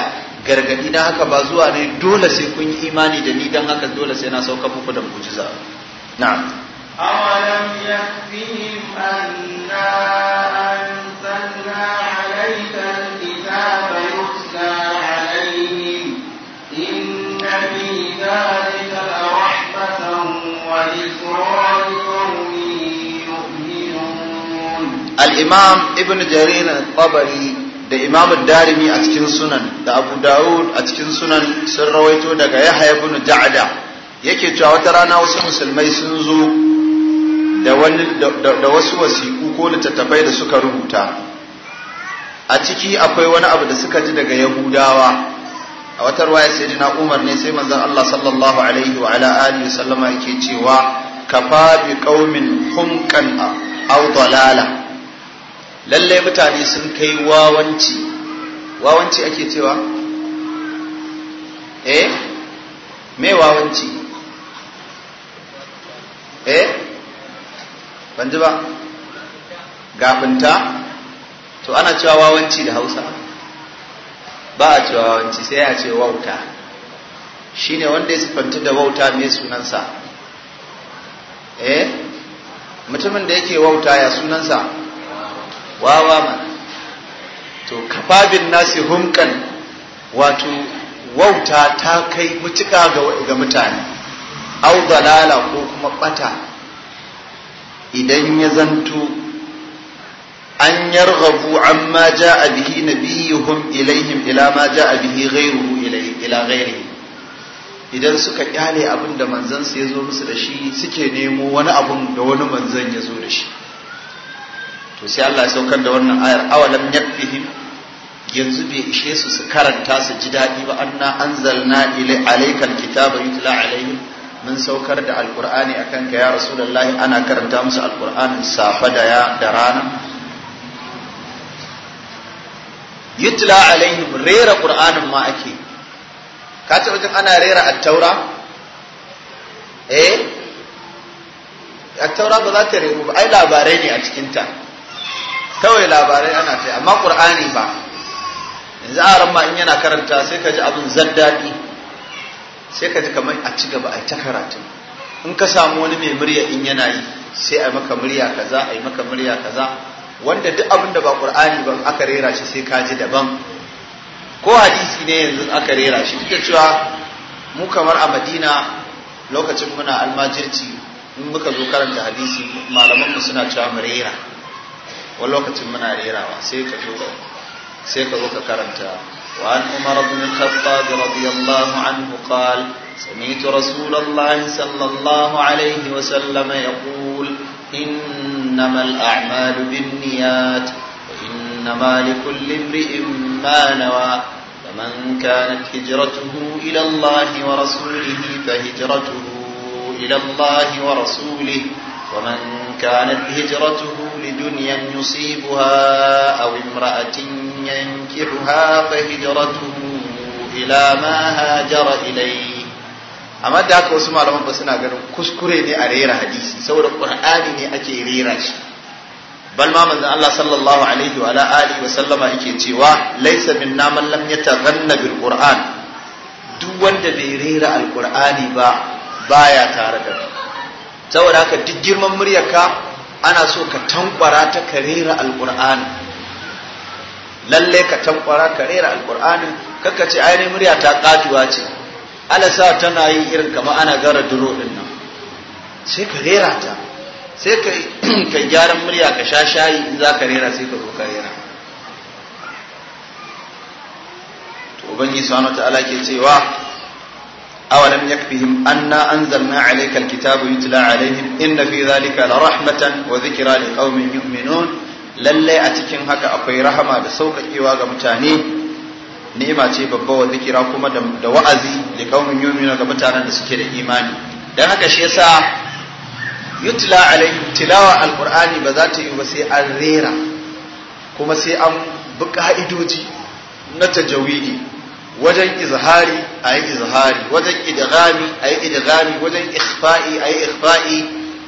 gargadi na haka ba zuwa ne dole sai kun yi imani da ni dan haka dole sai na sauka muku da mu'jiza na'am awalam yakfihim anna anzalna imam ibn jarir al-tabari da imam darimi a cikin sunan da abu dawud a cikin sunan sun rawaito daga yahya ibn ja'da yake cewa wata rana wasu musulmai sun zo da wani da wasu wasiku ko littattafai da suka rubuta a ciki akwai wani abu da suka ji daga yahudawa a wata ruwaya sayyidina umar ne sai manzon Allah sallallahu alaihi wa ala alihi sallama yake cewa kafa bi qaumin humqan aw dalala lallai mutane sun kai wawanci wawanci ake cewa eh me wawanci eh ban ji ba gafinta to ana cewa wawanci da hausa ba a cewa wawanci sai a ce wauta shine wanda ya sifanta da wauta mai sunansa eh mutumin da yake wauta ya sunansa wawa mana to kafabin nasi humkan wato wauta ta kai mutuka ga mutane au dalala ko kuma bata idan ya zanto an yarghabu amma ja'a bihi nabiyuhum ilaihim ila ma ja'a bihi ghayruhu ila ghayrihi idan suka kyale abinda da manzansa ya zo musu da shi suke nemo wani abun da wani manzan ya zo da shi to sai Allah ya saukar da wannan ayar awalam yakfihim yanzu bai ishe su su karanta su ji daɗi ba anna anzalna ilai alaikal kitaba yutla alaihim mun saukar da alqur'ani akan ka ya rasulullahi ana karanta musu alqur'anin safa da ya da rana yutla alaihim rera qur'anin ma ake ka taɓa jin ana rera at-taura eh at-taura ba za ta reru ba ai labarai ne a cikin ta kawai labarai ana ta amma qur'ani ba yanzu ran ma in yana karanta sai ka ji abin daɗi sai ka ji kamar a ci gaba a ta karatu in ka samu wani mai murya in yana yi sai a maka murya kaza a yi maka murya kaza wanda duk abin da ba qur'ani ba aka rera shi sai kaji daban ko hadisi ne yanzu aka rera shi duk da cewa mu kamar a madina lokacin muna almajirci in muka zo karanta hadisi malamanmu suna cewa mu rera wani lokacin muna rerawa sai ka zo sai ka zo ka karanta وعن عمر بن الخطاب رضي الله عنه قال سمعت رسول الله صلى الله عليه وسلم يقول إنما الأعمال بالنيات وإنما لكل امرئ ما نوى فمن كانت هجرته إلى الله ورسوله فهجرته إلى الله ورسوله ومن كانت هجرته لدنيا يصيبها أو امرأة ينكحها فهجرته إلى ما هاجر إليه amma da haka wasu malaman ba suna ganin kuskure ne a rera hadisi saboda qur'ani ne ake rera shi bal ma manzon Allah sallallahu alaihi wa alihi wa sallama yake cewa laysa minna man lam yataghanna bil qur'an duk wanda bai rera alqur'ani ba baya tare da mu saboda haka duk girman muryarka ana so ka tankwara ta karera alkur'ani lalle ka tankwara karera alkur'ani kaka ce ainihin murya ta katuwa ce alasa tana yi irin kama ana gara duro din nan sai ka rera ta sai ka ka gyaran murya ka sha shayi in za ka rera sai ka zo ka rera to ubangi sanata ta'ala ke cewa أولم يكفهم أنا أنزلنا عليك الكتاب يتلى عليهم إن في ذلك لرحمة وذكرى لقوم يؤمنون lalle a cikin haka akwai rahama da sauƙaƙewa ga mutane ni'ima ce babba wa zikira kuma da wa'azi da kaumin yumina ga mutanen da suke da imani dan haka shi yasa yutla alaihi tilawa alqur'ani ba za ta yi ba sai an rera kuma sai an bi ka'idoji na tajawidi wajen izhari Ayi izhari wajen idghami a yi idghami wajen ikhfa'i a yi ikhfa'i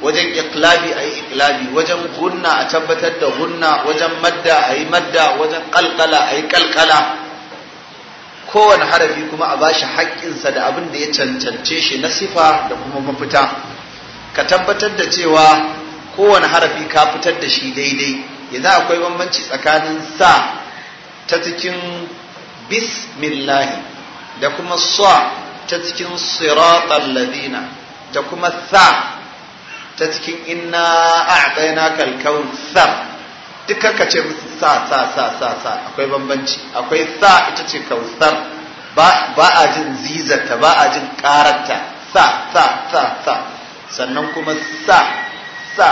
wajen iqlabi a iqlabi wajen gunna a tabbatar da gunna wajen madda a madda wajen kalkala a yi kalkala kowane harafi kuma a bashi haƙƙinsa da abin da ya cancance shi na sifa da kuma mafita ka tabbatar da cewa kowane harafi ka fitar da shi daidai yanzu akwai bambanci tsakanin sa ta cikin bismillahi da kuma sa ta cikin siratan ladina da kuma sa ta cikin inna na kalkawun sa duka ka ce musu sa sa sa sa sa akwai bambanci akwai sa ita ce kausar ba a jin zizarta ba a jin kararta sa sa sa sa sannan kuma sa sa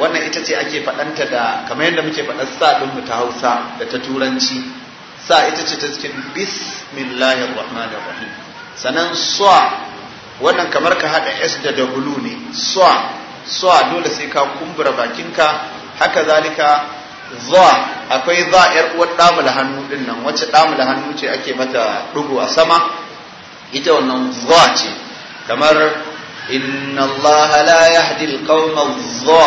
wannan ita ce ake faɗanta da kamar yadda muke faɗan sa ɗin mu ta Hausa da ta Turanci sa ita ce ta cikin bismillahir rahmanir rahim sanan sa wannan kamar ka hada s da w ne sa sa dole sai ka kumbura bakinka haka zalika za akwai za yar uwar da hannu din nan wacce da hannu ce ake mata dugu a sama ita wannan za ce kamar inna allaha la yahdi alqawma za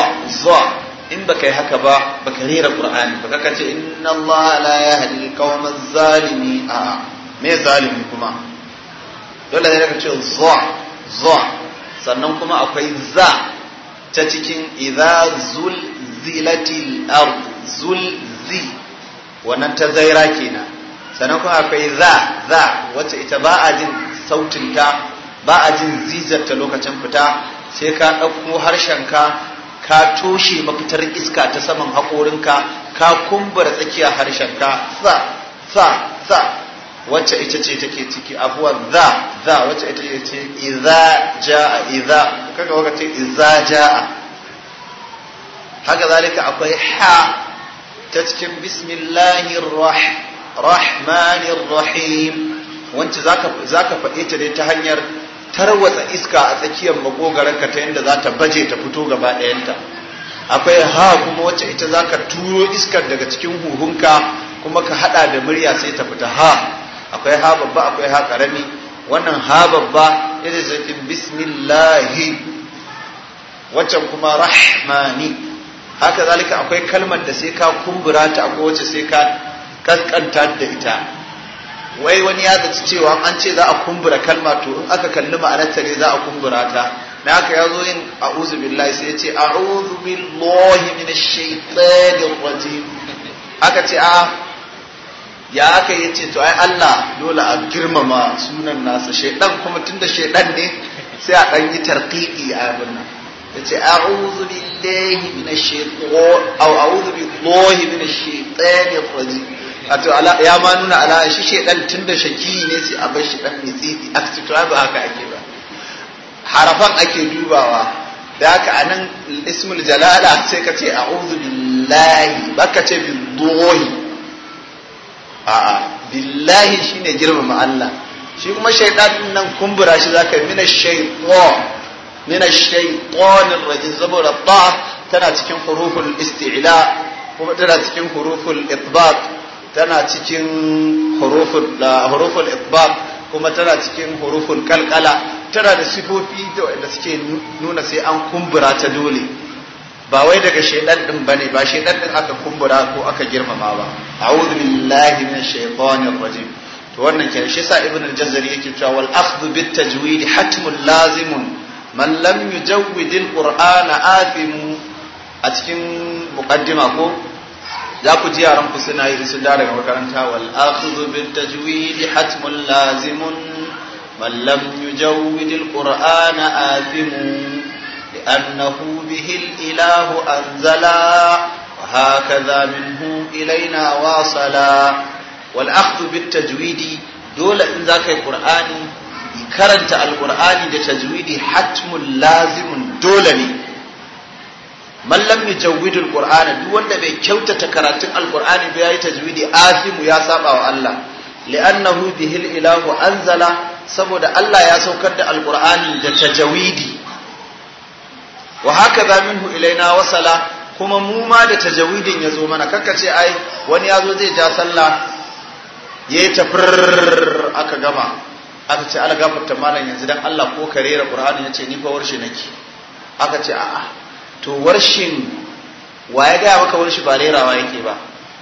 za in baka yi haka ba ka rera ƙur'ani ba kaka ce inna Allah la yahdi al-qawma zalimi a me zalimi kuma dole ne ka ce za za sannan kuma akwai za ta cikin idza zulzilatil ard zi wannan ta zaira kenan sannan kuma akwai za za wacce ita ba a jin sautinta ba a jin zizarta lokacin fita sai ka ɗauko harshenka ka toshe mafitar iska ta saman haƙorinka ka kumbura tsakiyar harshenka za za za wacce ita ce take ciki abuwa za za wacce ita ce iza ja'a iza kaga waka ce iza ja'a haka zalika akwai ha ta cikin bismillahir rahmanir rahim wacce zaka zaka faɗe ta ne ta hanyar tarwatsa iska a tsakiyar ka ta yadda za ta baje ta fito gaba ɗayanta akwai ha kuma wacce ita za ka turo iskar daga cikin huhunka kuma ka haɗa da murya sai ta fita ha akwai ha babba akwai ha ƙarami wannan ha babba ita ce bismillahi waccan kuma rahmani haka zalika akwai kalmar da sai ka kumbura ta akwai wacce sai ka kaskanta da ita wai wani ya zaci cewa an ce za a kumbura kalma to in aka kalli ta ne za a kumbura ta na haka ya zo yin a'udhu billahi sai ya ce a'udhu billahi minash shaitani rajim aka ce a ah, ya aka yi ce to ai Allah dole a girmama sunan nasa shaidan kuma tunda shaidan ne sai a dan yi tarqiqi a abin ya yace a'udhu billahi minash shaitani au a'udhu billahi minash rajim wato ya ma nuna ala shi dan tunda shaki ne sai a bar shi dan mitsi a cikin ba haka ake ba harafan ake dubawa da haka anan ismul jalala sai ka ce a'udhu billahi baka ce billahi a'a billahi shine girmama Allah shi kuma shaidan nan kumbura shi zaka mina shaitan mina shaitanin rajin saboda ta tana cikin huruful isti'la kuma tana cikin huruful itbaq tana cikin huruful itbaq kuma tana cikin huruful kalkala tana da sifofi da suke nuna sai an kumbura ta dole ba wai daga shaidan din bane ba shaidan din aka kumbura ko aka girmama ba a'udhu billahi min shaitanir rajim to wannan kenan shi sa ibn al-jazari yake cewa wal akhdhu bit tajwid hatmun lazimun man lam yujawwid al-qur'ana a cikin muqaddima ko za ku ji yaran ku suna yi sun dawo daga makaranta wal akhdhu bit tajwid hatmun lazimun man lam yujawwid al qur'ana athimun لأنه به الإله أنزلا وهكذا منه إلينا واصلا والأخذ بالتجويد دولة إن ذاك القرآن karanta alkur'ani da tajwidi hatmun lazimun dole ne mallam yi jawidul qur'ana duk wanda bai kyautata karatun alqur'ani ba yayi tajwidi asimu ya saba wa Allah li'annahu bihil ilahu anzala saboda Allah ya saukar da alqur'ani da tajwidi wa hakaza minhu ilaina wasala kuma mu ma da tajwidin yazo mana kanka ce ai wani ya zo zai ja sallah yayi tafir aka gama aka ce ala gafarta malam yanzu dan Allah ko karera qur'ani yace ni fa warshe nake aka ce a'a to warshin wa ya gaya maka warshi ba rerawa yake ba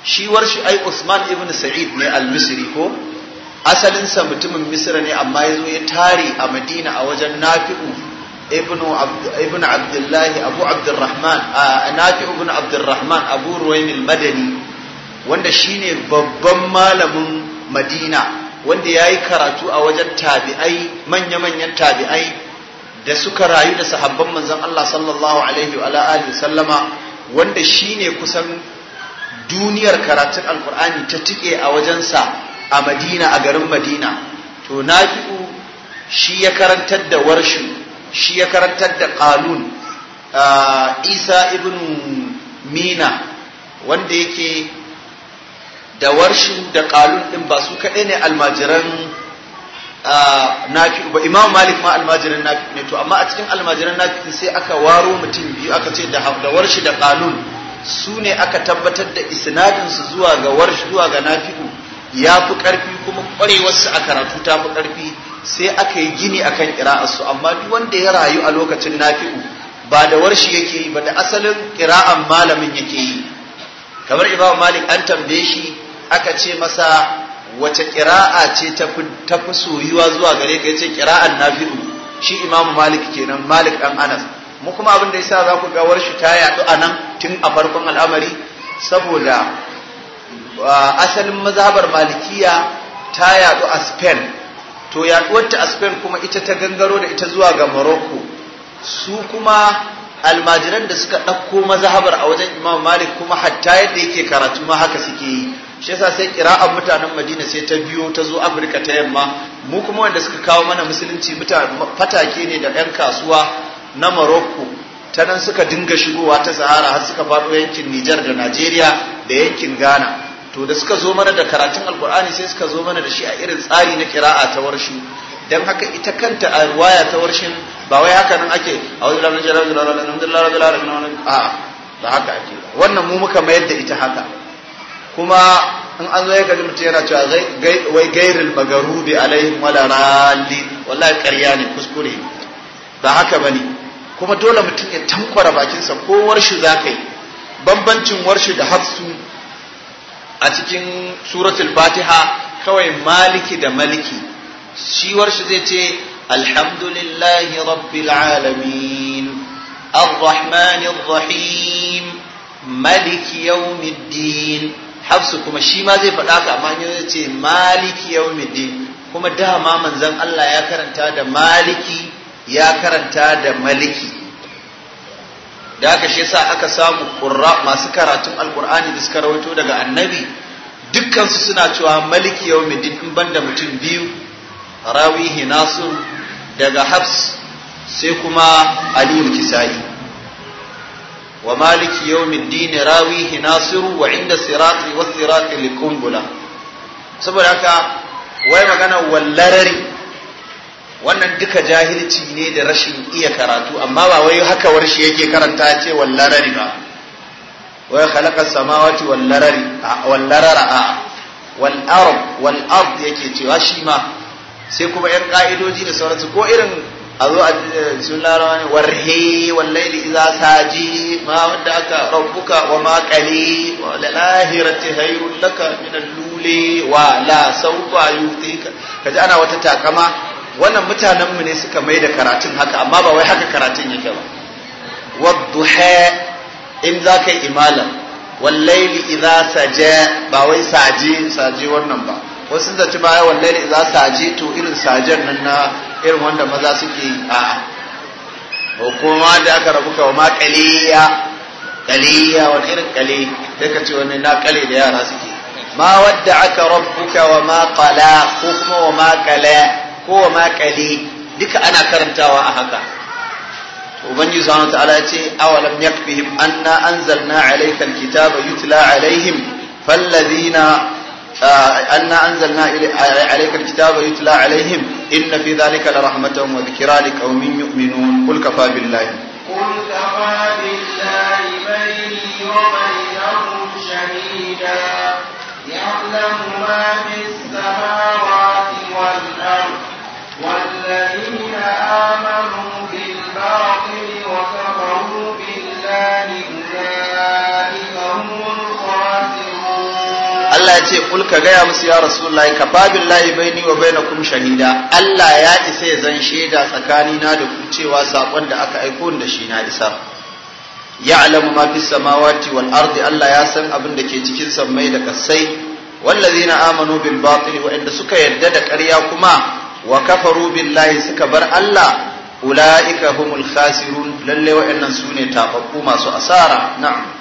shi warshi ai Usman ibn Sa'id ne al-Misri ko asalinsa mutumin Misra ne amma ya zo ya tare a Madina a wajen Nafi'u ibn Abdullahi Abu Abdurrahman Nafi'u ibn Abdurrahman Abu Ruwayn al-Madani wanda shine babban malamin Madina wanda ya yi karatu a wajen tabi'ai manya-manyan tabi'ai da suka rayu da sahabban manzon Allah sallallahu alaihi wa alihi sallama wanda shine kusan duniyar karatun alqur'ani ta tike a wajensa a Madina a garin Madina to Nafi'u shi ya karantar da Warshu shi ya karantar da Qalun Isa ibn Mina wanda yake da Warshu da Qalun din ba su kaɗai ne almajiran nafi'u ba imam malik ma almajiran nafi ne to amma a cikin almajiran nafi sai aka waro mutum biyu aka ce da hawdawar shi da qanun su ne aka tabbatar da isnadin su zuwa ga warshi zuwa ga nafi'u ya fi karfi kuma kwarewar su a karatu ta fi karfi sai aka yi gini akan qira'ar su amma duk wanda ya rayu a lokacin nafi'u ba da warshi yake yi ba da asalin qira'an malamin yake yi kamar imam malik an tambaye shi aka ce masa wace kira'a ce ta fi soyuwa zuwa gare ka yace kira'an nafi'u shi imam malik kenan malik dan anas mu kuma abin da yasa za ku ga warshi ta yaɗu a nan tun a farkon al'amari saboda asalin mazhabar malikiya ta yaɗu a spain to ta a spain kuma ita ta gangaro da ita zuwa ga morocco su kuma almajiran da suka ɗauko mazhabar a wajen imam malik kuma hatta yadda yake karatu ma haka suke yi shi yasa sai kira'ar mutanen madina sai ta biyo ta zo afirka ta yamma mu kuma wanda suka kawo mana musulunci fatake ne da yan kasuwa na morocco ta nan suka dinga shigowa ta sahara har suka faɗo yankin Niger da najeriya da yankin ghana to da suka zo mana da karatun alkur'ani sai suka zo mana da shi a irin tsari na kira'a ta warshu dan haka ita kanta a ruwaya ta warshin ba wai haka nan ake a wajen rabin jiragen alhamdulillah rabin alamin a ba haka ake wannan mu muka mayar da ita haka kuma in an zo ka mutum yana cewa wai gairil magarubi alaihim wala rali wallahi ƙarya ne kuskure ba haka ba bane kuma dole mutum ya tankwara bakinsa ko warshi za ka yi bambancin warshi da hafsu a cikin suratul fatiha kawai maliki da maliki shi warshi zai ce alhamdulillahi rabbil alamin arrahmanir rahim, maliki yawmiddin hafsu kuma shi ma zai faɗa ka amma ya ce maliki yawmiddin kuma dama manzon Allah ya karanta da maliki ya karanta da maliki da aka shi yasa aka samu qurra masu karatun alƙur'ani da suka rawaito daga annabi Dukkansu suna cewa maliki yawmiddin in banda mutum biyu rawi nasir daga hafs sai kuma aliyu kisai wa maliki yawmin din rawihi nasiru wa inda sirati was sirati likungula saboda haka wai magana wallarari wannan duka jahilci ne da rashin iya karatu amma ba wai haka warshi yake karanta ce wallarari ba wai khalaqa samawati wallarari wallarara a wal ard yake cewa shi ma sai kuma yan ka'idoji da sauransu ko irin a zo a sunan warhi, warhe wallaili idza saji ma wanda aka rabbuka wa ma qali wa lahirati hayrun laka min al-luli wa la sawfa yutika kaji ana wata takama wannan mutanen mu ne suka mai da karatun haka amma ba wai haka karatun yake ba duha in za ka yi imala wallaili idza saja ba wai saji saji wannan ba wasu zaci ba wallaili idza saji to irin sajen nan na irin wanda maza suke yi a'a hukuma da aka rabu ka ma kaliya kaliya wani irin kali, da ka ce wani na kali da yara suke ma wadda aka rabu wa ma qala ko kuma wa ma qala ko wa ma kali, duka ana karantawa a haka ubangiji subhanahu ta'ala ya ce awalam yakbihim anna anzalna alayka alkitaba yutla alaihim فالذين آه، أنا أنزلنا آه، عليك الكتاب يتلى عليهم إن في ذلك لرحمة وذكرى لقوم يؤمنون قل كفى بالله قل كفى بالله بيني وبينهم شهيدا يعلم ما في السماوات والأرض والذين آمنوا بالباطل وكفروا بالله Allah ya ce kul ka gaya musu ya rasulullahi ka billahi baini wa bainakum shahida Allah ya isa ya zan shaida tsakani na da ku cewa sakon da aka aiko da shi na isa ya'lamu ma fis samawati wal ardi Allah ya san abin da ke cikin sammai da kasai wallazina amanu bil batil wa inda suka yarda da ƙarya kuma wa kafaru billahi suka bar Allah ulaika humul khasirun lalle wa'annan sune tababbu masu asara na'am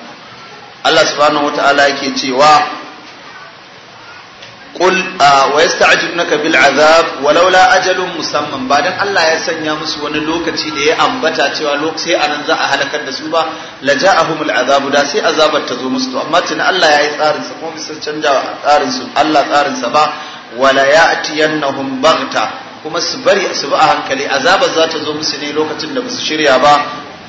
Allah subhanahu wata'ala yake cewa qul wa yasta'jilunaka bil azab walaula ajalun musamman ba dan Allah ya sanya musu wani lokaci da ya ambata cewa lokaci nan za a halakar da su ba la ja'ahumul azabu da sai azabar ta zo musu to amma tun Allah ya yi tsarin sa kuma sun canja tsarin su Allah tsarin sa ba wala ya'tiyannahum baghta kuma su bari su ba a hankali azabar za ta zo musu ne lokacin da ba su shirya ba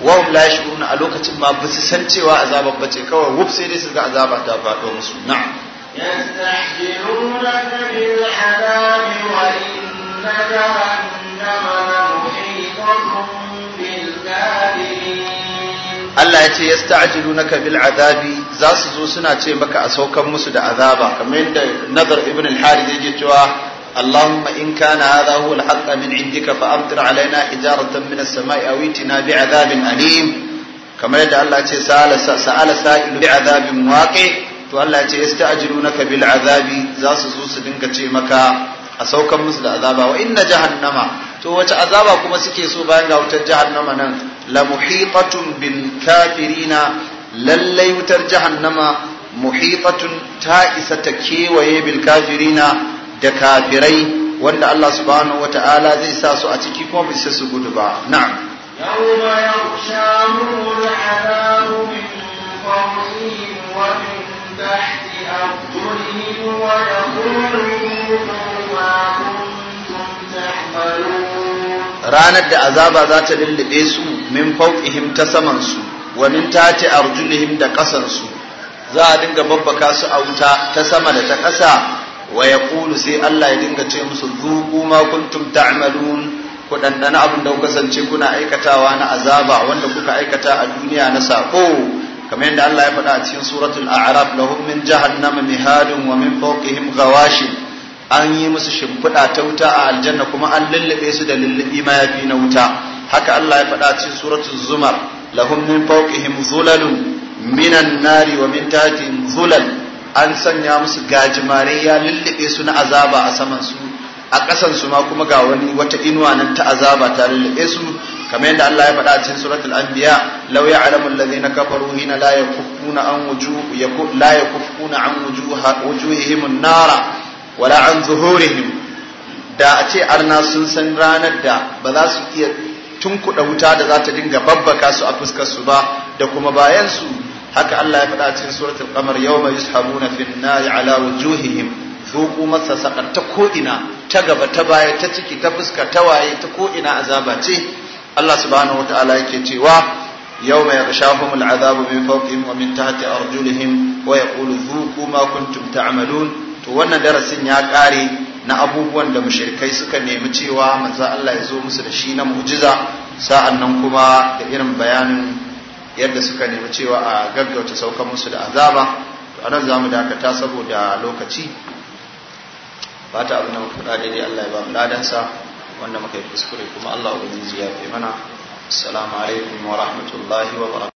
wahum la yashuruna a lokacin ma ba su san cewa azabar bace kawai wuf sai dai su ga azaba ta faɗo musu na'am yastahjirunaka bil harabi wa inna jahannama lamuhitatun bil kafirin Allah ya ce yasta'jilunaka bil azabi za su zo suna ce maka a saukan musu da azaba kamar yadda nazar ibn al-harith yake cewa اللهم إن كان هذا هو الحق من عندك فأمطر علينا حجارة من السماء أو ائتنا بعذاب أليم كما يدعى الله سأل, سأل سائل بعذاب واقع to Allah ya ce yasta'jilunaka bil azabi za su zo su dinga ce maka a saukan musu da azaba wa inna jahannama to wace azaba kuma suke so bayan ga wutar jahannama nan la muhitatun bil kafirina lallai wutar jahannama muhitatun ta isa ta kewaye bil kafirina da kafirai wanda Allah subhanahu wata'ala zai sa su a ciki kuma bisa su gudu ba na'am يوم يغشاهم العذاب من فوقهم ranar da azaba za ta lullube su min fauqihim ta samansu wa min tati arjulihim da ƙasansu, za a dinga babbaka su a wuta ta sama da ta ƙasa Waya Kulu sai Allah ya dinga ce musu zuqu ma kuntum ta'malun ku dandana abin da kuka kasance kuna aikatawa na azaba wanda kuka aikata a duniya na sako kamar yadda Allah ya faɗa a cikin suratul a'raf lahum jihar jahannama mihadun wa min fawqihim ghawashin an yi musu shimfiɗa ta wuta a aljanna kuma an lullube su da lullubi mayafi na wuta haka Allah ya faɗa a cikin suratul zumar lahum min fawqihim zulalun minan nari wa min tahtihim zulal an sanya musu gajimare ya lullube su na azaba a saman su a ƙasan su ma kuma ga wani wata inuwa nan ta azaba ta lullube su kamar yadda Allah ya faɗa a cikin suratul anbiya law ya'lamu alladhina kafaru hina la yakufuna an yakun la yakufuna an wujuha wujuhihim an-nara wala an zuhurihim da a ce arna sun san ranar da ba za su iya tunkuɗa wuta da za ta dinga babbaka su a fuskar su ba da kuma bayan su haka Allah ya faɗa cikin suratul qamar yawma yushabuna fin nari ala wujuhihim zuqu masa saqar ta ko ina ta gaba ta baya ta ciki ta fuska ta waye ta ko ina azaba ce Allah subhanahu wataala yake cewa yawma yaghshahum al'azabu min fawqihim wa min tahti arjulihim wa yaqulu zuqu ma kuntum ta'malun to wannan darasin ya kare na abubuwan da mushrikai suka nemi cewa manzo Allah ya zo musu da shi na mu'jiza sa'annan kuma da irin bayanin yadda suka nemi cewa a gaggauta saukan musu da azaba to za mu dakata saboda lokaci fata abin da na faɗa daidai Allah ya ba mu ladansa wanda muka yi kuskure kuma Allah ubangiji ya fi mana assalamu alaikum wa rahmatullahi wa barakatuh